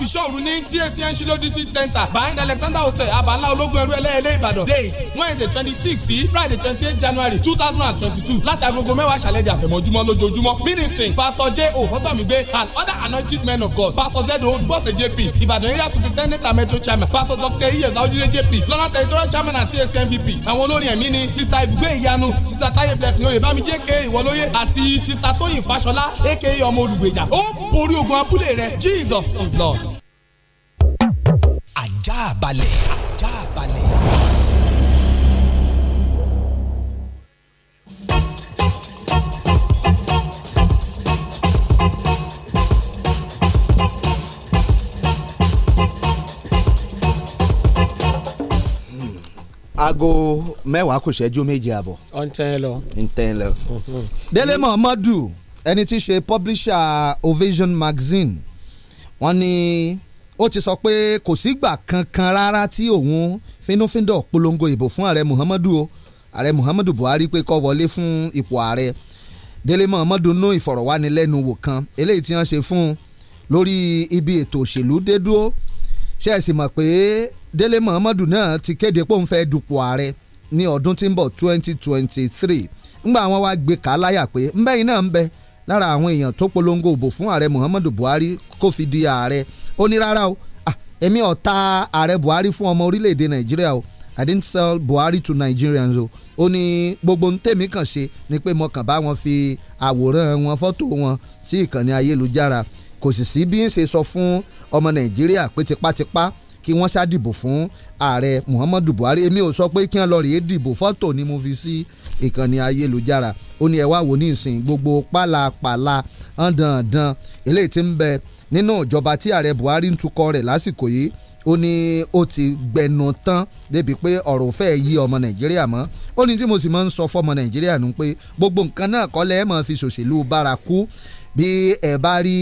olùṣọ́ òru ní tsn e shilo center behind alexander hotel abala ológun ẹrú ẹlẹ́ẹ̀lẹ́ ìbàdàn date wednesday twenty six sí friday twenty eight january two thousand and twenty two láti agogo mẹ́wàá ṣàlẹ́jà àfẹ̀mọ́júmọ́ lójoojúmọ́ ministry pastor j o fọ́tọ̀mígbé and other anointed men of god pastor zedo odubose jp ìbàdàn area superintendent and metro chairman pastor dr iye zaujire jp lọ́nà territorial chairman and tsn e vp àwọn olórin ẹ̀mí ni sista ibùgbé ìyanu sista táyé blessing oyè bámi jk ìwọlóye àti sista tóyìn fáṣọlá aka ọmọ olùgbèjà ó borí ogun abúlé rẹ jesus is lord ajá balẹ̀ ajá balẹ̀. aago mẹ́wàá kò ṣẹ́jú méje àbọ̀. ọ̀ ń tẹ́ ẹ lọ. ń tẹ́ ẹ lọ. Mhm. délé mọ̀ọ́mọ́dù ẹni tí í ṣe publisher Ovation magazine wọ́n ní. Ni ó ti sọ pé kò sígbà kankan rárá tí òun fínnúfíndọ̀ polongo ìbò fún ààrẹ Muhammadu o ààrẹ Muhammadu Buhari pé kó wọlé fún ipò ààrẹ Délé Muhammadu nú ìfọ̀rọ̀wánilẹ́nuwò kan eléyìí tí wọ́n ṣe fún un lórí ibi ètò òṣèlú dé dúró ṣe é sì mọ̀ pé Délé Muhammadu náà ti kéde pé òun fẹ́ dupò ààrẹ ní ọdún tí ń bọ̀ 2023 ńgbà wọn wá gbé ká láyà pé ńbẹ́yìn náà ń bẹ lára àwọn èèyàn tó polongo òbò fún ààrẹ Muhammadu Buhari kó fi di ààrẹ ó ní rárá o ah, èmi ò ta ààrẹ Buhari fún ọmọ orílẹ̀-èdè Nàìjíríà o I didn't sell Buhari to Nigerians o ó ní gbogbo ntẹ̀mí kàn ṣe ni pé mo kàn bá wọn fi àwòrán wọn fọ́tò wọn sí ìkànnì ayélujára kò sì sí bí ń ṣe sọ fún ọmọ Nàìjíríà pé tipátipá kí wọ́n ṣá dìbò fún ààrẹ Muhammadu Buhari èmi ò sọ pé kí wọ́n lọ rèé dìbò fọ́tò ni mo fi sí ìkànnì ayélujára ó ní ẹ wá wò ní ìsìn gbogbo pálapàla ọ̀dàndàn eléyìí tí ń bẹ nínú ìjọba tí ààrẹ Buhari ń tukọ̀ rẹ̀ lásìkò yìí ó ní ó ti gbẹnu tán débi pé ọ̀rọ̀ ò fẹ́ yí ọmọ Nàìjíríà mọ́ ó ní tí mo sì máa ń sọ fọmọ Nàìjíríà nù pé gbogbo nǹkan náà kọ́lẹ́ ẹ̀ máa fi ṣòṣèlú bárakú bí ẹ̀ bá rí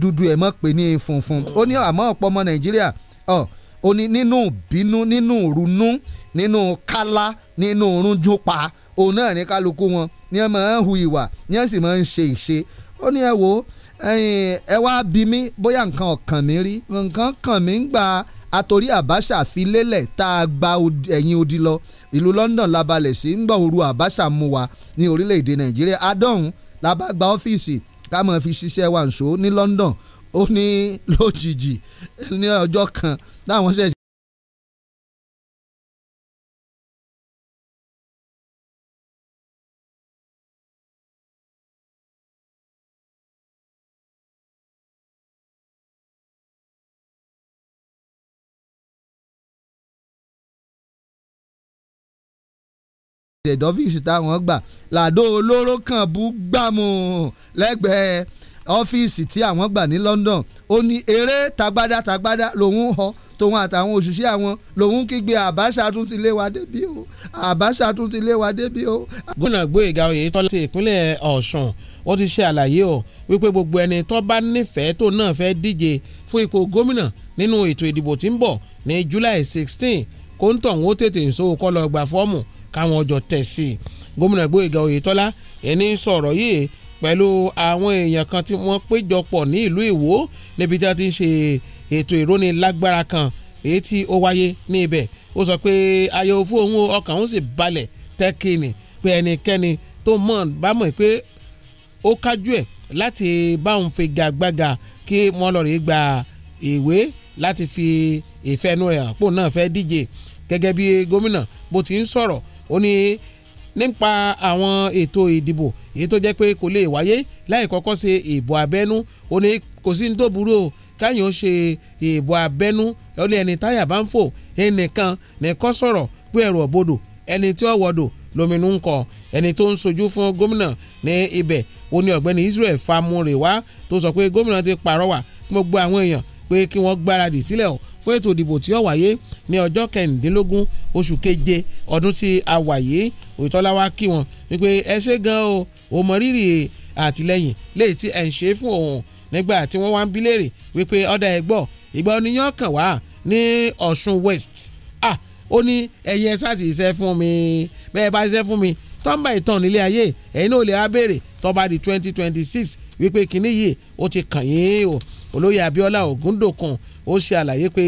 dúdú ẹ̀ mọ́ pé ní funfun ó ní àmọ́ ọ̀pọ̀ ọmọ Nàìjíríà ọ̀ ó ní nínú bínú nínú runú nínú kálá nínú runjú òun náà ní kálukú wọn ni ẹ máa ń hu ìwà ni ẹ sì máa ń ṣe ìṣe ó ní ẹ wo ẹ wá bí mi bóyá nǹkan ọ̀kàn mi rí nǹkan kàn mí ń gba àtòrí Abacha fi tá a gba ẹ̀yìn odi lọ ìlú London la balẹ̀ sí ń gbọ́ òru Abacha mú wa ní orílẹ̀-èdè Nàìjíríà adọ́hùn la bá gba ọ́fíìsì ká mọ̀ fi ṣiṣẹ́ wa nṣó ní London ó ní lójijì ní ọjọ́ kan táwọn ṣẹ̀ṣẹ̀. ẹ̀dọ́fíìsì táwọn gbà làdó olóró kan bú gbàmù lẹ́gbẹ̀ẹ́ ọ́fíìsì tí àwọn gbà ní London ó ní eré tagbádá tagbádá lòun họ tòun àtàwọn òṣìṣẹ́ àwọn lòun kígbe Abacha tún ti lé wa débí o Abacha tún ti lé wa débí o. gómìnà Gbóyèga Oyètọ́lá ti ìpínlẹ̀ Ọ̀ṣun ó ti ṣe àlàyé o wípé gbogbo ẹni tó bá nífẹ̀ẹ́ tó náà fẹ́ díje fún ipò gómìnà nínú ètò ìdìbò tí ń bọ̀ ní July sixteen kóńtọ̀ ń ó tètè ń so kọ́ lọ gba fọ́ọ̀mù káwọn ọjọ́ tẹ̀ sí i gómìnà Gbóyèga Oyètọ́lá ẹni sọ̀rọ̀ yìí pẹ̀lú àwọn èèyàn kan tí wọ́n péjọpọ̀ ní ìlú Ìwó níbi tí wọ́n ti ń ṣe ètò ìrónilágbára kan èyí tí ó wáyé ní ibẹ̀ ó sọ pé ayọ̀ fún òun ọkàn òun sì balẹ̀ tẹ́kìnì pé ẹnikẹ́ni tó mọ̀ bá mọ̀ pé ó kájú ẹ̀ láti bá òun figagbága kí wọ́n lọ rí gba ìwé láti fi ìfẹ́nu rẹ̀ àpò náà fẹ́ díje gẹ́gẹ́ bí gómìnà bó ti ń sọ̀rọ̀ ó ní nípa àwọn ètò ìdìbò èyí tó jẹ́ pé kò lè wáyé láì kọ́kọ́ ṣe ìbò abẹ́nú ó ní kò sí ní tó burú o káyọ̀ ṣe ìbò abẹ́nú ó ní ẹni táyà bá ń fò ẹnìkan nìkan sọ̀rọ̀ pé ẹ̀rù ọ̀bodò ẹni tí ó wọ̀dọ̀ lóminú ń kọ ẹni tó ń sojú fún gómìnà ní ibẹ̀ ó ní ọ̀gbẹ́ni Israel Famurewa tó sọ pé gómìnà ti pàrọwà gbogbo àwọn èèyàn pé kí wọ́n gbáradì sílẹ̀ o fún ètò ìdìbò tí ó wáyé ní ọjọ́ kẹrìndínlógún oṣù keje ọdún tí a wà yìí Oyètọ́lá wá kí wọn wípé ẹ ṣe gan o ò mọ rírì àtìlẹ́yìn léyìí tí ẹ ń ṣe fún òun nígbà tí wọ́n wá ń bi léèrè wípé ọ̀dà ẹ̀ gbọ́ ìgbà oníyàn kàn wá ní Ọ̀ṣun West ah ó ní ẹ̀yin ẹ̀ sáà sì ṣiṣẹ́ fún mi bẹ́ẹ̀ bá ṣiṣẹ́ fún mi tọ́ǹbà ìtàn nílé ayé ẹ̀yin náà lè wá béèrè tọ́ba di twenty twenty six wípé kínní yìí ó ti kàn yín o olóyè Abíọ́lá Ògúndòkun ó ṣe àlàyé pé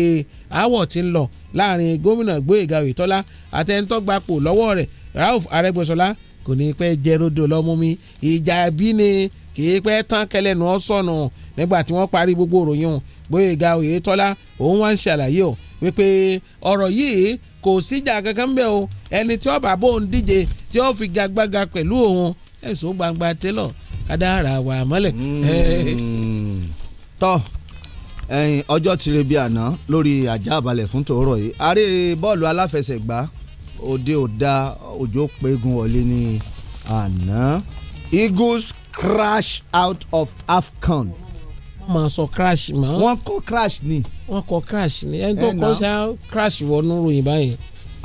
aáwọ̀ ti ń lọ láàrin gómìnà Gbóyèga Oyètọ́lá àtẹnitọ́gbapò lọ́wọ́ rẹ̀ Ralph Arẹ́gbẹ́ṣọlá kò ní pẹ́ jẹ́ rodo lọ́mú mi ìjà bí ni kì í pẹ́ tán kẹlẹ́nu ọ́ sọnù nígbà tí wọ́n parí gbogbo ìròyìn ọ̀hún Gbóyèga Oyètọ́lá òun wá ń ṣàlàyé o wípé ọ̀rọ̀ yìí kò síjà kankan bẹ́ẹ̀ o ẹni tí ó bá bò ń díje tí ó fi gagbága pẹ̀lú òun ẹ̀sùn gbangba tẹ́lọ̀ adára wà mọ́lẹ̀. Hmm. tọ́ ọjọ́ tire bíi àná lórí àjà àbálẹ̀ fún tòórọ̀ yìí àárẹ̀ bọ́ọ̀lù aláfẹsẹ̀gbá òde òda òjò pégun wọlé ní àná Eagles crash out of AFCON máa sọ crash mọ́. wọ́n kọ crash ni. wọ́n kọ crash ni ẹni tó kọ́ sá crash wọnú ròyìn báyìí.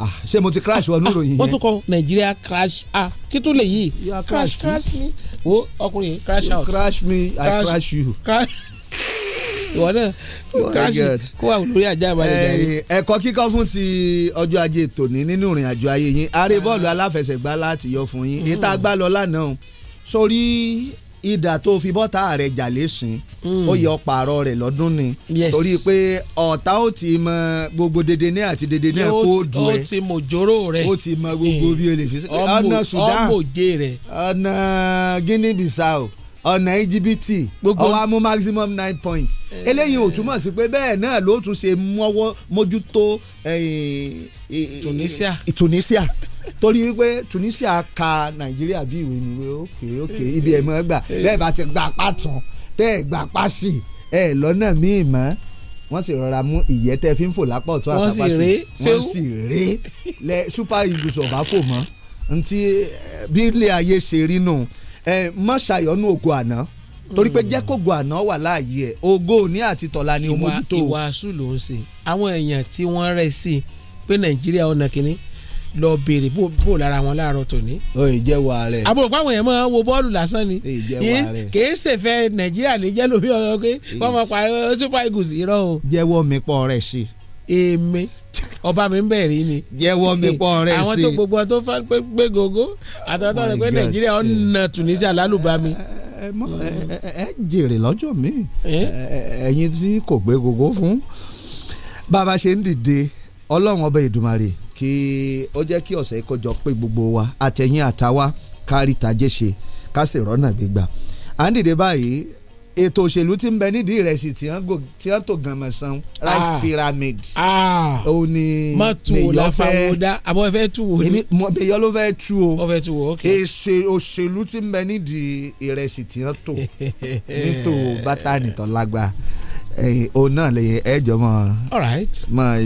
ah ṣé mo ti crash wọnú ah, ròyìn yẹn. wọ́n tún kọ nàìjíríà crash ah kí tún lè yí. crash crash me. wo ọkùnrin crash out. you crash me i crash, crash you. crash ìwọ náà káàsì kó wà lórí ajá ìbálẹ̀ jáde. ẹ̀kọ́ kíkọ́ fún ti ọjọ́ ajé tòní nínú ìrìn àjò ayé yín aré bọ́ọ̀lù aláfẹsẹ̀gbá láti yọ fún yín èyí tá a gbá lọ lánàá sórí ìdà tó fi bọ́tà rẹ̀ jà lẹ́sìn hmm. ó yọ pààrọ̀ rẹ̀ lọ́dún ni torí pé ọ̀tá ó ti mọ gbogbo dèdè ní àti dèdè ní kóòdù rẹ̀ ó ti mọ òjòrò rẹ̀ ó ti mọ gbogbo hmm. bí o lè fi sí ọ̀nà Sudan ọ̀nà Guinea Bissau ọ̀nà íjíbítì ọwọ́ amú maximum nine points eh. eléyìí ò túmọ̀ sí pé bẹ́ẹ̀ náà ló tún ṣe mọ́wọ́ mójútó eh, eh, Tunisia Tunisia torí wípé Tunisia ka Nàìjíríà bí ìwé ni òkè òkè ibi ẹ̀ mọ́ gbà bẹ́ẹ̀ bá ti gbà pàtàn tẹ́ ẹ̀ gbà pàṣì ẹ̀ lọ́nà míì mọ́ wọ́n sì rọra mú ìyẹ́ tẹ́ fi ń fò lápá ọ̀tún àtàpá sí wọ́n sì ré lẹ Super Eagles ọ̀bá fò mọ́ ntí bí ilé ayé ṣe rí nù. No ẹ má ṣàyọnú ògo àná torí pé jẹ́ kógo àná wà láàyè ẹ̀ ògo òní àti tọ̀la ni omójútó. ìwà ìwàásù ló ń ṣe àwọn èèyàn tí wọ́n rẹ̀ sí pé nàìjíríà ọ̀nà kìíní lọ béèrè bó lára wọn láàárọ̀ tòní. o ì jẹ́ wa rẹ̀. àbúrò pàwọn èèyàn máa wo bọ́ọ̀lù lásán ni. e jẹ́ wa rẹ̀. kìí ṣèfẹ́ nàìjíríà lè jẹ́ lómi ọ̀rọ̀ pé wọ́n máa parí super eagles irọ́ o. jẹ́wọ́ mi pọ̀ rẹ̀ sí èmi ọba mi ń bẹ̀ rí ni. jẹ́wọ́ mi pọ̀ rẹ̀ sí i àwọn tó gbogbo tó gbé gogo àtàtà oh pé nàìjíríà ọ̀nà tunisia lálùbami. ẹ jèrè lọ́jọ́ mi ẹ̀yin tí kò gbé gogo fún bàbá ṣe ń dìde ọlọ́run ọba ìdùmarè kí ó jẹ́ kí ọ̀sẹ̀ ìkọjọ pé gbogbo wa àtẹ̀yìn àtàwa kárí tajé ṣe ká sì rọ́nà gbígbà à ń dìde báyìí ètò òṣèlú tí ń bẹ nídìí ìrẹsì tí wọ́n tó gànmọ̀ san rice ah. pyramid. Ah. ó ní mèyọ fẹ́ àbọ̀ fẹ́ tu wo ni. mèyọ ló fẹ́ tu o. ó o ok. òṣèlú tí ń bẹ nídìí ìrẹsì tí wọ́n tó nítò bátà nìtọ́ lágbá òun náà lè ẹjọ́ mọ́. all right.